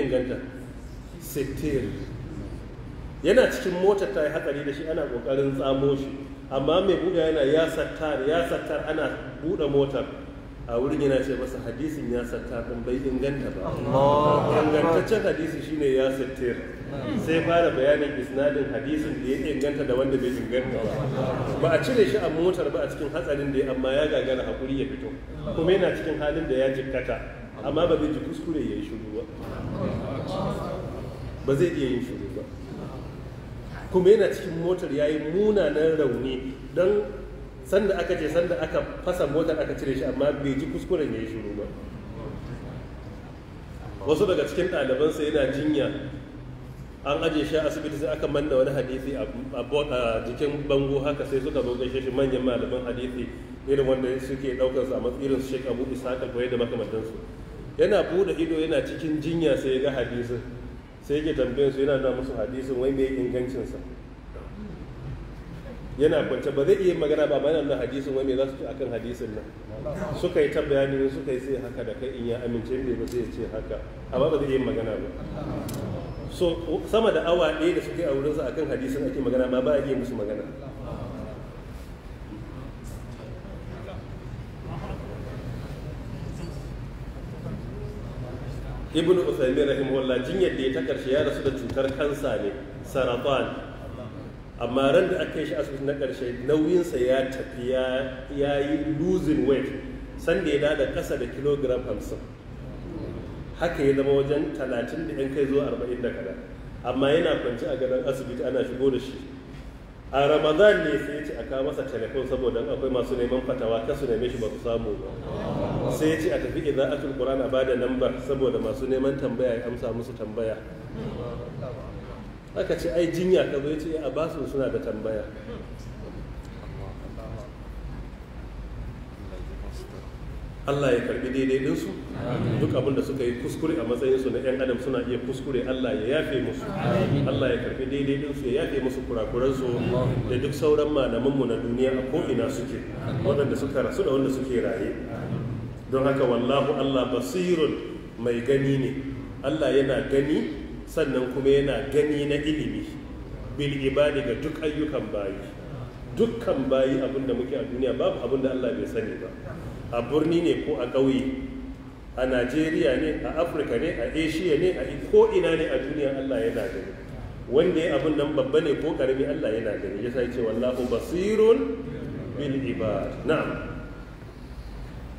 yana cikin motar ta yi hatsari da shi ana kokarin tsamo shi amma mai buga yana ya sattar ya sattar ana buɗe motar a wurin yana ce masa hadisin ya sattar ɗin bai inganta ba ingantaccen hadisi shine ya sattar sai fara bayanin isnadin hadisin da ya inganta da wanda bai inganta ba ba a cire shi a motar ba a cikin hatsarin da ya amma ya gagara hakuri ya fito kuma yana cikin halin da ya jikkata amma ba zai ji kuskure ya yi shuru ba ba zai iya yin shuru ba kuma yana cikin motar ya yi munanan rauni don sanda aka ce sanda aka fasa motar aka cire shi amma bai ji kuskuren ya yi shuru ba wasu daga cikin ɗalibansa yana jinya an aje shi a asibiti sai aka manna wani hadisi a jikin bango haka sai suka zo gaishe shi manyan malaman hadisi irin wanda suke daukar a matsayin su Sheikh Abu Ishaq al da makamantansu yana bude ido yana cikin jinya sai ya ga hadisin sai yake tambayar su yana nuna musu hadisin wai mai ingancinsa yana kwance ba zai iya magana ba bayan nan hadisin wai mai za su ci akan hadisin nan suka yi ta bayani suka yi sai haka da kai in ya amince mai ba zai ce haka amma ba zai iya magana ba so sama da awa ɗaya da suke a a wurinsa akan hadisin ake magana ba, ba a iya musu magana ibn usaimin rahimahullah jinyar da ya ta karshe ya rasu da cutar kansa ne saratan amma ran da aka yi shi asibiti na karshe nauyinsa ya tafi ya yi losing weight sanda ya dada kasa da kilogram hamsin haka ya zama wajen talatin da yan kai zo arba'in da kada amma yana kwanci a gadon asibiti ana shigo da shi a ramadan ne sai ya ce a masa telefon saboda akwai masu neman fatawa kasu neme shi ba su samu ba sai ce a tafi idza'atul ƙuran a da lambar saboda masu neman tambaya ya amsa musu tambaya aka ce ai jinya ka zo ce a basu suna da tambaya Allah ya karbi daidai dinsu duk abin da suka yi kuskure a matsayinsu na 'yan adam suna iya kuskure Allah ya yafe musu Allah ya karbi daidai dinsu ya yafe musu kurakuransu da duk sauran malamanmu na duniya a ko'ina suke waɗanda suka rasu da wanda suke raye don haka wallahu Allah basirun mai gani ne Allah yana gani sannan kuma yana gani na ilimi bil ibadi ga duk ayyukan bayi dukkan bayi abinda muke a duniya babu abinda Allah bai sani ba a birni ne ko a ƙauye a najeriya ne a afirka ne a asia ne a ko ina ne a duniya allah yana gani wanda ya abin nan babba ne ko karami allah yana gani ya sai ce wallahu basirun bil ibad na'am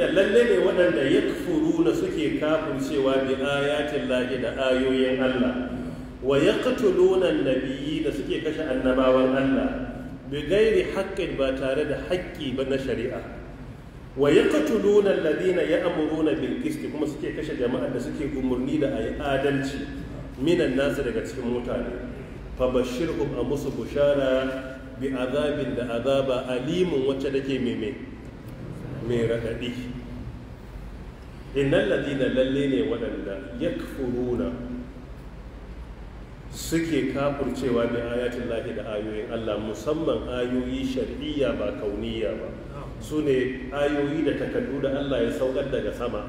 da lalle ne waɗanda na suke kafin cewa bi ayatin lahi da ayoyin Allah wa yaqtuluna nabiyyi da suke kashe annabawan Allah bi gairi haqqin ba tare da haƙƙi ba na shari'a wa ladina ya amuruna bil kuma suke kashe jama'a da suke gumurni da ayi adalci minan nasu daga cikin mutane fa bashirhum a musu bushara bi azabin da azaba alimun wacce take mai raɗaɗi innan ladina lalle ne waɗanda ya furuna suke kafurcewa da ayatun lahi da ayoyin Allah musamman ayoyi shari'iyya ba kauniya ba su ne ayoyi da takardu da Allah ya saukar daga sama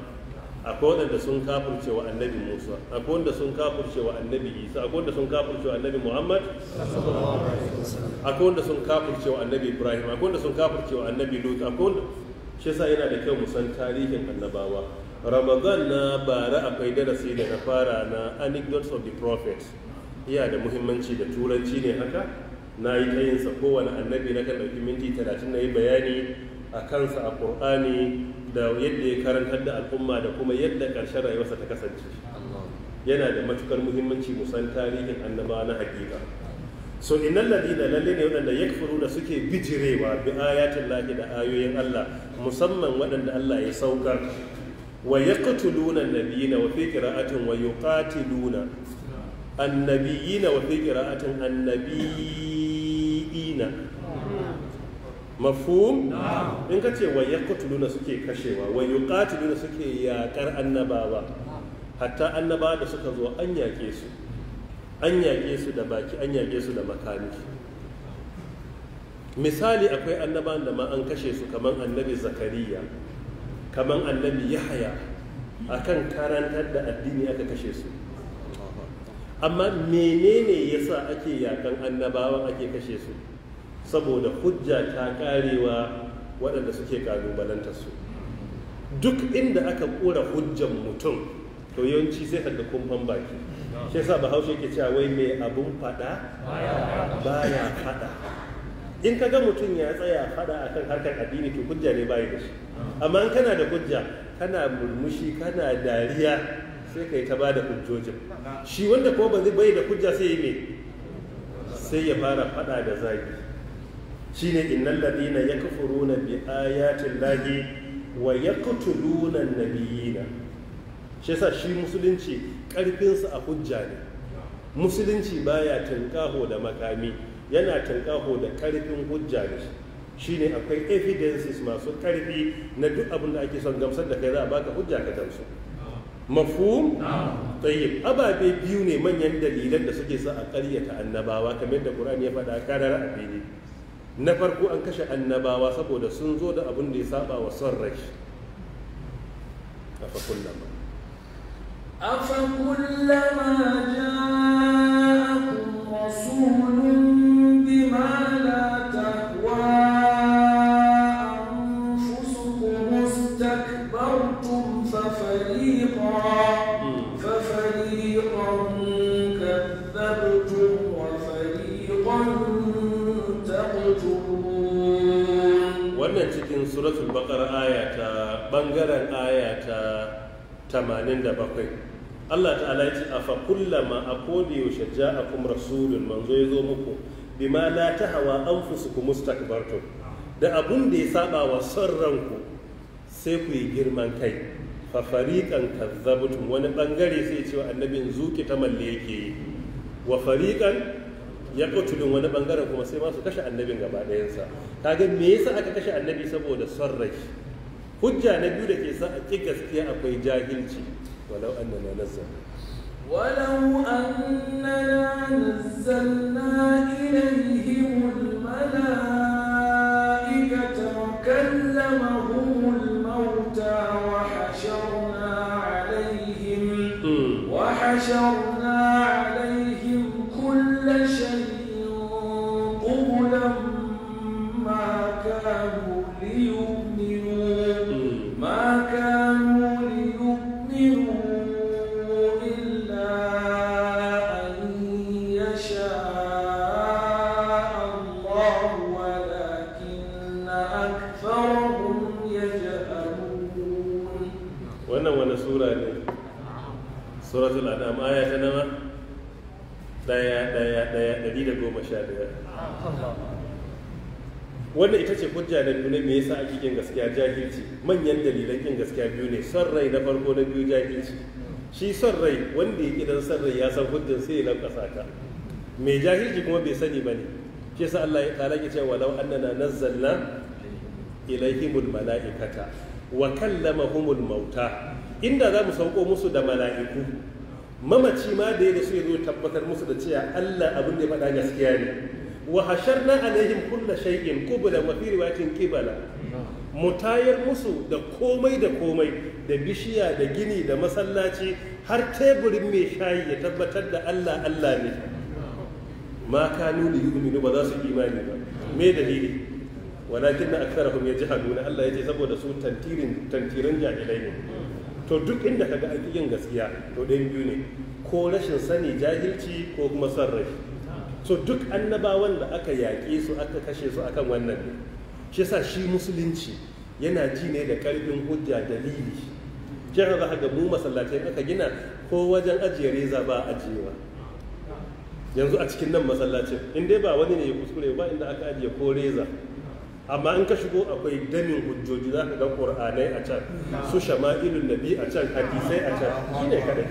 akwai waɗanda sun kafurcewa annabi Musa akwai wanda sun kafurcewa annabi Isa akwai wanda sun kafurcewa annabi Muhammad akwai wanda sun kafurcewa annabi Ibrahim akwai wanda sun kafurcewa annabi Lut akwai shi yana da kyau mu san tarihin annabawa ramadan na bara akwai darasi da na fara na anecdotes of the prophet iya da muhimmanci da turanci ne haka na yi tayinsa kowane annabi na kan ɗauki minti talatin na yi bayani a kansa a ƙur'ani da yadda ya karantar da al'umma da kuma yadda ƙarshen rayuwarsa ta kasance yana da matukar muhimmanci musan tarihin annaba na hakika so innal ladina lalle ne waɗanda yakfuru da suke bijirewa bi ayatin lahi da ayoyin Allah musamman waɗanda Allah ya saukar wa yaqtuluna annabiyina wa fi qira'atin wa yuqatiluna annabiyina wa fi qira'atin na. Mafu in ka ce wa nuna suke kashewa wa yuqatiluna suke yaƙar annabawa hatta annabawa da suka zo an yaƙe su an yaƙe su da baki an yaƙe su da makami misali akwai annabawan da ma an kashe su kamar annabi zakariya kamar annabi ya haya, a kan karantar da addini aka kashe su amma menene ya sa ake yakan annabawa ake kashe su saboda hujja ta karewa waɗanda suke kalubalantar su duk inda aka ƙura hujjan mutum to yawanci sai kaga kumfan baki shi yasa bahaushe ke cewa wai mai abun fada baya fada in ka ga mutum ya tsaya fada akan harkar addini to hujja ne bayi da shi amma in kana da hujja kana murmushi kana dariya sai ka yi ta bada hujjojin shi wanda ko ba zai bai da hujja sai ya me sai ya fara fada da zagi shine innal ladina yakfuruna bi ayatin lahi wa yaqtuluna nabiyina shi yasa shi musulunci karfinsa a hujja ne musulunci baya tunkaho da makami yana tinkaho da karfin hujja ne shine akwai evidences masu karfi na duk abin da ake son gamsar da kai za a baka hujja ka gamsu mafhum tayyib ababe biyu ne manyan dalilan da suke sa a ƙaryata annabawa kamar yadda Qur'ani ya faɗa karar a fili na farko an kashe annabawa saboda sun zo da abin da ya saba wa son rai afa kullama afa kullama ja'akum rasulun suratul bakar aya ta bangaren aya ta 87 Allah ta'ala ya ce a fa kullama a kodiyaushe ja'akum rasulun manzo ya zo muku bima la ku anfusukum mustakbartum da abun da ya saba wa son ranku sai ku yi girman kai fa fariqan kazzabtum wani bangare sai ce wa annabin zuki ta malle yake yi wa fariƙan ya kutulun wani bangaren kuma sai masu kashe annabin gaba ɗayansa kaga me yasa aka kashe annabi saboda son rai hujja na biyu da ke sa a ƙi gaskiya akwai jahilci walau annana nazzalna وكلمهم Wanda biyar wannan ita ce hujja na biyu ne me yasa ake kin gaskiya jahilci manyan dalilan kin gaskiya biyu ne son rai na farko na biyu jahilci shi son rai wanda ya dan son rai ya san hujjan sai ya lankasa ta mai jahilci kuma bai sani ba ne shi yasa Allah ya kara ki cewa law annana nazzalna ilaihimul mala'ikata wa kallamahumul mauta inda za mu sauko musu da mala'iku mamaci ma da ya da su ya zo tabbatar musu da cewa Allah abin da ya faɗa gaskiya ne wa hasharna alaihim kulla shay'in qubla wa fi riwayatin mu tayar musu da komai da komai da bishiya da gini da masallaci har teburin mai shayi ya tabbatar da Allah Allah ne ma kanu da yu'minu ba za su imani ba me dalili walakin na jihar yajhaduna Allah yace saboda su tantirin tantirin jahilai ne to duk inda ka ga yin gaskiya to ɗayan biyu ne ko rashin sani jahilci ko kuma son rai so duk annabawan da aka yaƙe su aka kashe su akan wannan ne shi sa shi musulunci yana ji ne da ƙarfin hujja dalili kin za ga mu masallacin aka gina ko wajen ajiye reza ba a ajiyewa yanzu a cikin nan masallacin in dai ba wani ne ya kuskure ba inda aka ajiye ko reza amma in ka shigo akwai damin hujjoji za ka ga ƙur'anai a can su shama ilin nabi a can hadisai a can shi ne kaɗai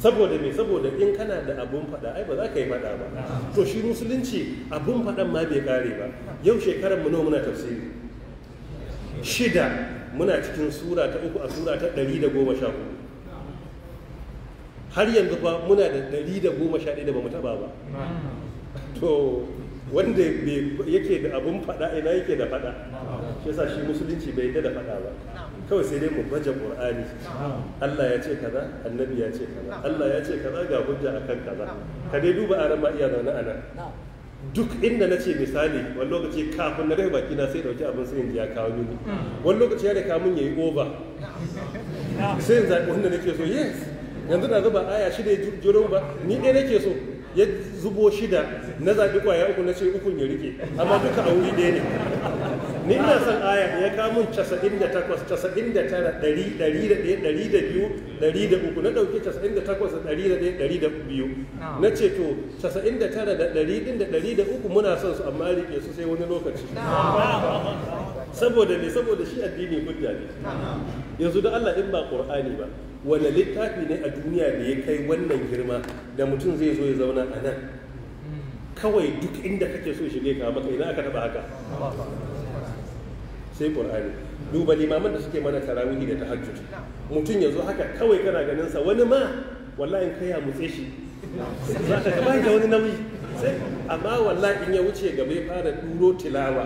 saboda me saboda in kana da abun faɗa ai ba za ka yi faɗa ba to shi musulunci abun faɗan ma bai ƙare ba yau shekarar mu nawa muna tafsiri shida muna cikin sura ta uku a sura ta ɗari da goma sha hudu har yanzu fa muna da ɗari da goma sha ɗaya da ba mu taɓa ba to wanda yake da abun fada ina yake da fada shi yasa shi musulunci bai da fada ba kawai sai dai mu baje qur'ani Allah ya ce kaza annabi ya ce kaza Allah ya ce kaza ga hujja akan kaza ka dai duba aran ma iya zaune anan duk inda na ce misali wani lokaci kafin na rai baki na sai dauki abin sai ya kawo mini wani lokaci ya da kamun yayi over sai in zaɓi wanda nake so yes yanzu na zuba aya shi da ya jiro ba ni ɗaya nake so ya zubo shida na zaɓi ƙwaya uku na ce ukun ya rike amma duka a wuri ɗaya ne ni ina son aya ya kamun casa'in da takwas casa'in da tara ɗari ɗari da ɗaya ɗari da biyu ɗari da uku na ɗauki casa'in da takwas da ɗari da ɗaya ɗari da biyu ah. na ce to casa'in da tara da ɗari ɗin da ɗari da uku muna son su amma rike su sai wani lokaci ah. saboda ne saboda shi addini hujja ne ah. yanzu da Allah in ba ƙur'ani ba wani littafi ne a duniya da ya kai wannan girma da mutum zai zo ya zauna a nan kawai duk inda kake so shi ne ka maka idan aka taba haka sai qur'ani duba limaman da suke mana tarawihi da tahajjud mutum ya zo haka kawai kana ganin sa wani ma wallahi kai ya mutse shi ba da wani nauyi amma wallahi in ya wuce gaba ya fara duro tilawa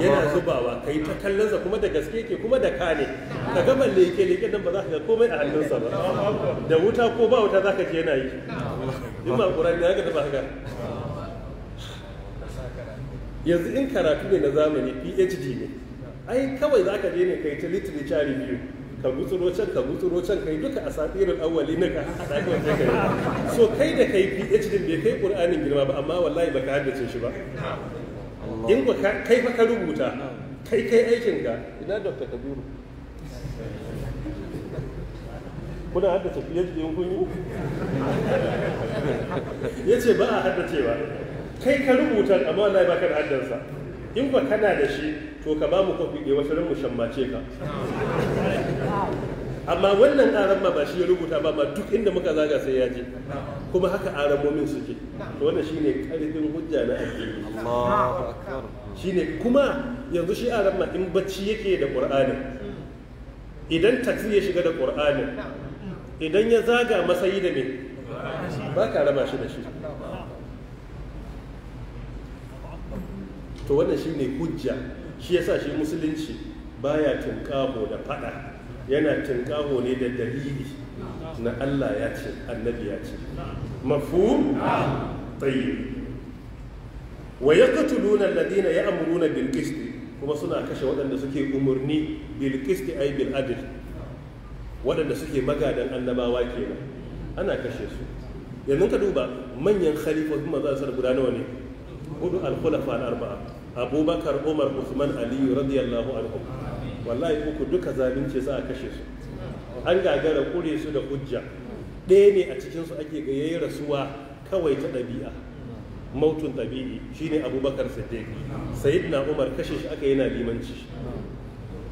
yana zubawa kai ta kallon sa kuma da gaske ke kuma da kane. ka gama leke leke nan ba za ka ga komai a hannunsa ba da wuta ko ba wuta za ka je yana yi in ma ƙuran ya ga ba haka yanzu in karatu ne na zamani phd ne ai kawai za ka je ne kai ta literature review ka gutsuro can ka gutsuro can kai duka asatirin awwali na ka haɗa ka wanda kai so kai da kai PhD bai kai Qur'anin girma ba amma wallahi baka haddace shi ba in ka kai fa ka rubuta kai kai aikin ka ina Dr. Kabiru kuna haddace PhD in kun yi yace ba a haddacewa kai ka rubuta amma wallahi baka da haddansa in ba kana da shi to ka ba mu kofi ɗaya wasu ran mu shammace ka amma wannan aramma ba shi ya rubuta ba ma duk inda muka zaga sai ya je kuma haka aramomin suke to wannan shine karfin hujja na addini Allahu akbar kuma yanzu shi aran in bacci yake da Qur'ani idan taksi ya shiga da Qur'ani idan ya zaga masayi da me ba ka raba shi da shi to wannan shi ne hujja shi yasa shi musulunci baya tunƙaho da fada yana tunƙaho ne da dalili na Allah ya ce annabi ya ce mafu tsaye wa yaqtuluna ya ya'muruna bil bilkisti kuma suna kashe waɗanda suke umarni bilkisti ai bil waɗanda suke magadan annabawa kenan ana kashe su yanzu ka duba manyan khalifofi maza su guda nawa ne hudu al khulafa al arba'a abubakar umar usman aliyu radiyallahu anhu wallahi uku duka zalunci za a kashe su an gagara kure su da hujja ɗaya ne a cikinsu ake ga yayi rasuwa kawai ta ɗabi'a mautun ɗabi'i shine abubakar siddiq sayyidina umar kashe shi aka yana limanci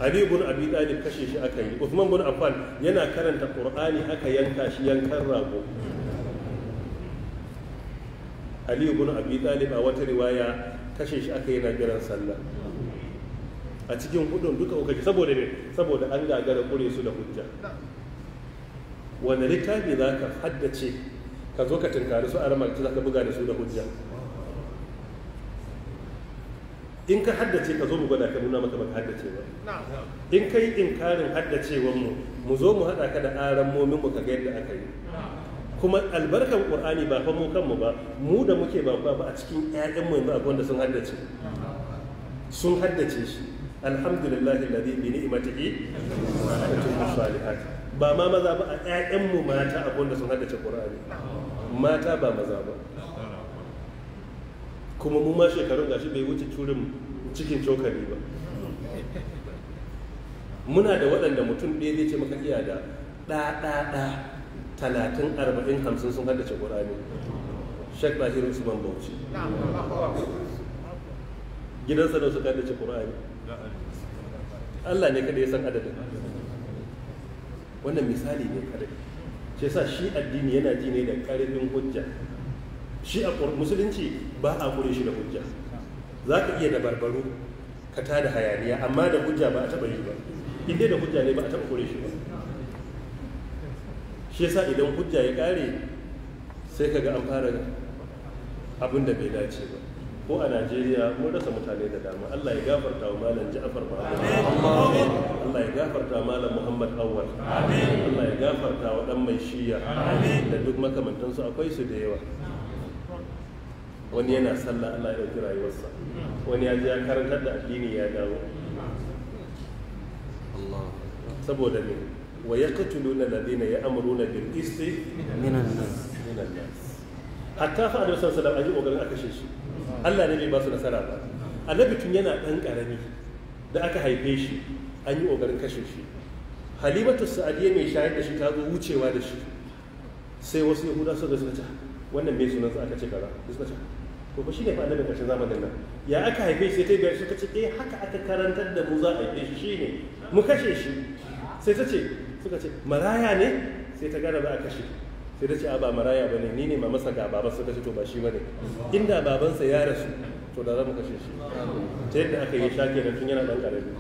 ali bin abi talib kashe shi aka yi usman bin affan yana karanta qur'ani aka yanka shi yankan rago ali bin abi talib a wata riwaya kashe shi aka yi na kiran sallah a cikin hudun duka uka ji saboda ne saboda an gagara kure su da hujja wani littafi za ka haddace ka zo ka tunkari su a ramar za ka buga da su da hujja in ka haddace ka zo mu gwada ka nuna maka baka haddace ba in ka yi inkarin haddacewan mu mu zo mu haɗa ka da aran momin mu ka ga yadda aka yi kuma albarkan qur'ani ba fa mu kanmu ba mu da muke ba ba a cikin ƴaƴanmu yanzu akwai da sun haddace sun haddace shi alhamdulillahi alladhi bi ni'matihi tatimmu salihat ba ma maza ba a ƴaƴanmu mata akwai da sun haddace qur'ani mata ba maza ba kuma mu ma shekarun gashi bai wuce turin cikin cokali ba muna da waɗanda mutum ɗaya zai ce maka iya da ɗa ɗa ɗa talatin arba'in hamsin sun haddace ƙur'ani shek bahir usman bauchi gidansa da su haddace ƙur'ani allah ne kada ya san adadin wannan misali ne kada. ce sa shi addini yana ji ne da ƙarfin hujja shi a musulunci ba a kure shi da hujja za ka iya da barbaru ka tada hayaniya amma da hujja ba a taɓa yi ba inda da hujja ne ba a taɓa kure shi ba shi yasa idan hujja ya kare sai ka ga an fara abin da bai dace ba ko a najeriya mun rasa mutane da dama allah ya gafarta wa malam ja'far muhammad allah ya gafarta malam muhammad awwal allah ya gafarta wa dan mai shiya da duk makamantansu akwai su da yawa wani yana sallah allah ya ɗauki rayuwarsa wani ya ji ya karantar da addini ya dawo saboda ne wa yaqtuluna alladhina ya'muruna bil qisti minan nas minan nas hatta fa annabi sallallahu alaihi wasallam aji ogarin aka shi Allah ne bai ba su nasara ba annabi yana dan da aka haife shi an yi ogarin kashe shi halimatu sa'adiyya mai shayar da shi ta zo wucewa da shi sai wasu yahuda suka suka ce wannan mai sunan aka ce kaza suka ce to fa shine fa annabin karshen zamanin nan ya aka haife shi sai ta biyar suka ce eh haka aka karantar da mu za a haife shi shine mu kashe shi sai ta ce suka ce maraya ne sai ta gara ba a kashe sai ta ce a ba maraya ba ne ni ne ma masa ga baban suka ce to ba shi ba ne inda babansa ya rasu to da za mu kashe shi ta yadda aka yi shaƙe da tun yana ɗan ƙarami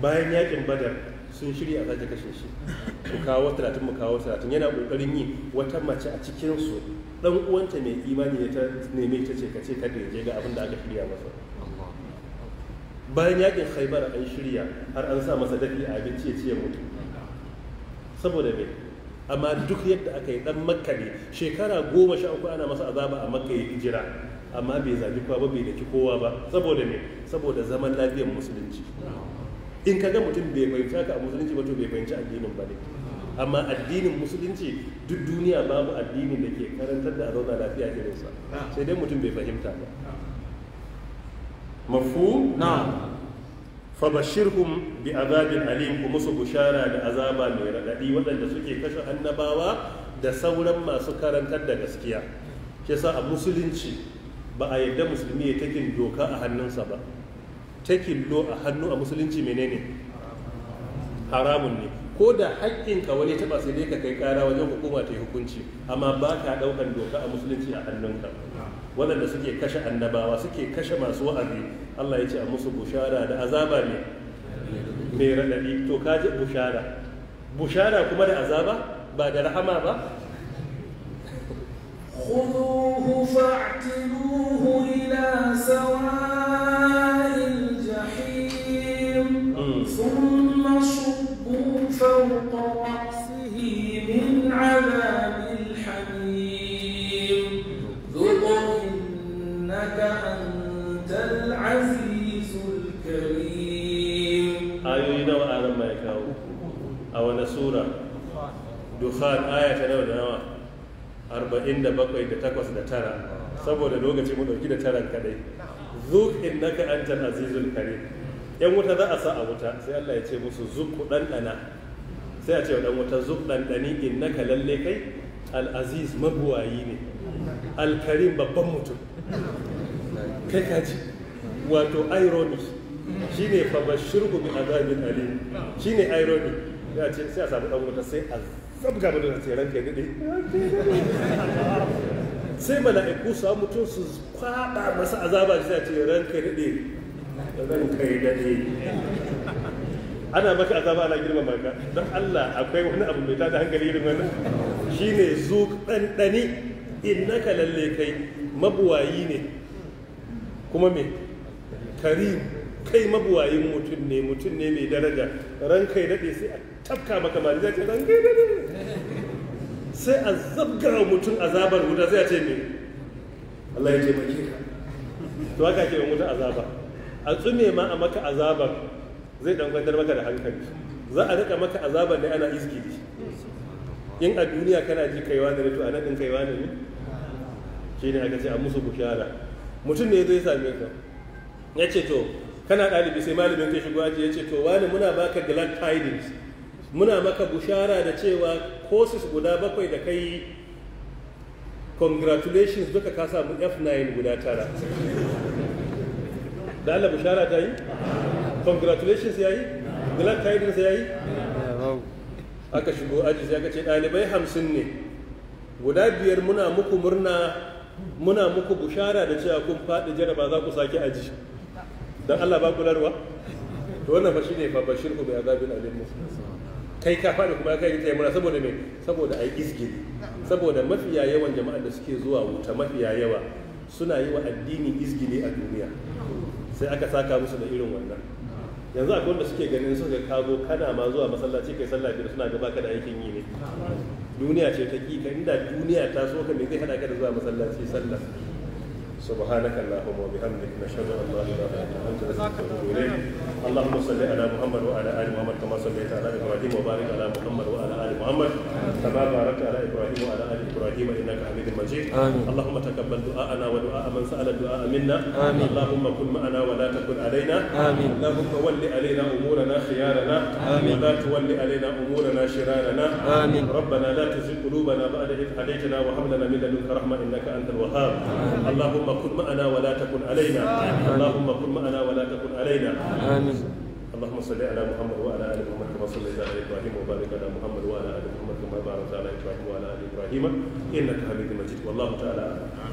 bayan yakin badar sun shirya a sake kashe shi ku kawo talatin mu kawo talatin yana ƙoƙarin yi wata mace a cikinsu ɗan uwanta mai imani ya ta neme ta ce ka ce kada ya je ga abin da aka shirya masa bayan yakin khaibar an shirya har an sa masa dafi a abin ciye ce mutu saboda me amma duk yadda aka yi dan makka ne shekara goma sha uku ana masa azaba a makka ya hijira amma bai zabi kowa ba bai daki kowa ba saboda me saboda zaman lafiyar musulunci in ka ga mutum bai fahimci haka a musulunci ba to bai fahimci addinin ba ne amma addinin musulunci duk duniya babu addinin da ke karantar da a zauna lafiya irinsa sai dai mutum bai fahimta ba mafhum na'am fabashirhum bi azabin alim ku musu bushara da azaba mai raɗaɗi waɗanda suke kashe annabawa da sauran masu karantar da gaskiya shi sa a musulunci ba a yadda musulmi ya takin doka a hannunsa ba takin lo a hannu a musulunci menene haramun ne ko da haƙƙin ka wani taɓa sai dai ka kai ƙara wajen hukuma ta yi hukunci amma ba ka ɗaukan doka a musulunci a hannunka waɗanda suke kashe annabawa suke kashe masu wa'azi Allah ya ce a musu bushara da azaba ne mai raɗaɗi to ka ji bushara bushara kuma da azaba ba da rahama ba خذوه فاعتلوه إلى سواء Dufan aya ta nawa da nawa arba'in da bakwai da takwas da tara saboda lokaci mu ɗauki da taran kadai zuk innaka antal azizul karim yan wuta za a sa a wuta sai Allah ya ce musu zuk ku ɗanɗana sai a ce wa wuta zuk ɗanɗani innaka lalle kai al-aziz mabuwayi ne al-karim babban mutum kai ka ji. wato irony shine fa bashirku bi azabin alim shine irony a ce sai a samu dan wuta sai azab zan ga mana sai ke gade sai mala'iku su mutum su kwada masa azaba shi a ce ranka dade kai daɗe ana maka azaba ana girma maka don Allah akwai wani abu mai tada hankali irin wannan shine zu ɗanɗani innaka lalle kai mabuwayi ne kuma me karim kai mabuwayin mutum ne mutum ne mai daraja ran kai daɗe sai a tafka maka mari zai ce zan ne sai a zabga mutum azabar guda zai ce ne Allah ya taimake ka to haka ke mutu azaba a tsume ma a maka azabar zai dan kwantar maka da hankali za a rika maka azabar ne ana iski in a duniya kana ji kaiwa da to a din kaiwa ne shi ne aka ce a musu bukiyara mutum ne zai same ka ya ce to kana ɗalibi sai malamin ka shigo aji ya ce to wani muna baka glad tidings muna maka bushara da cewa courses guda bakwai da kai congratulations duka ka samu f9 guda tara da Allah bushara ta yi congratulations ya yi glad tidings ya yi aka shigo aji sai aka ce ɗalibai hamsin ne guda biyar muna muku murna muna muku bushara da cewa kun faɗi jaraba za ku sake aji don Allah ba kularwa to wannan fa shine fa ku bi azabin alim muslim kai ka faɗi kuma kai ta mura saboda me saboda ai izgiri saboda mafiya yawan jama'ar da suke zuwa wuta mafiya yawa suna yi wa addini izgiri a duniya sai aka saka musu da irin wannan yanzu akwai wanda suke ganin ga kago kana ma zuwa masallaci kai sallah biyar suna gaba ka aikin yi ne duniya ce ta kika inda duniya ta so ka me zai hada ka da zuwa masallaci sallah سبحانك اللهم وبحمدك نشهد ان لا اله الا انت نستغفرك اليك اللهم صل على محمد وعلى ال محمد كما صليت على ابراهيم وبارك على محمد وعلى محمد كما باركت على ابراهيم وعلى ال ابراهيم انك حميد مجيد آمين. اللهم تقبل دعاءنا ودعاء من سال الدعاء منا آمين. اللهم كن معنا ولا تكن علينا آمين. اللهم ول علينا امورنا خيارنا آمين. ولا تول علينا امورنا شرارنا آمين. ربنا لا تزغ قلوبنا بعد اذ هديتنا وهب لنا من لدنك رحمه انك انت الوهاب اللهم كن معنا ولا تكن علينا آمين. اللهم كن معنا ولا تكن علينا آمين. اللهم صل على محمد وعلى ال محمد اللهم صل على ابراهيم وبارك على محمد وعلى ال محمد كما باركت على ابراهيم وعلى ال ابراهيم انك حميد مجيد والله تعالى اعلم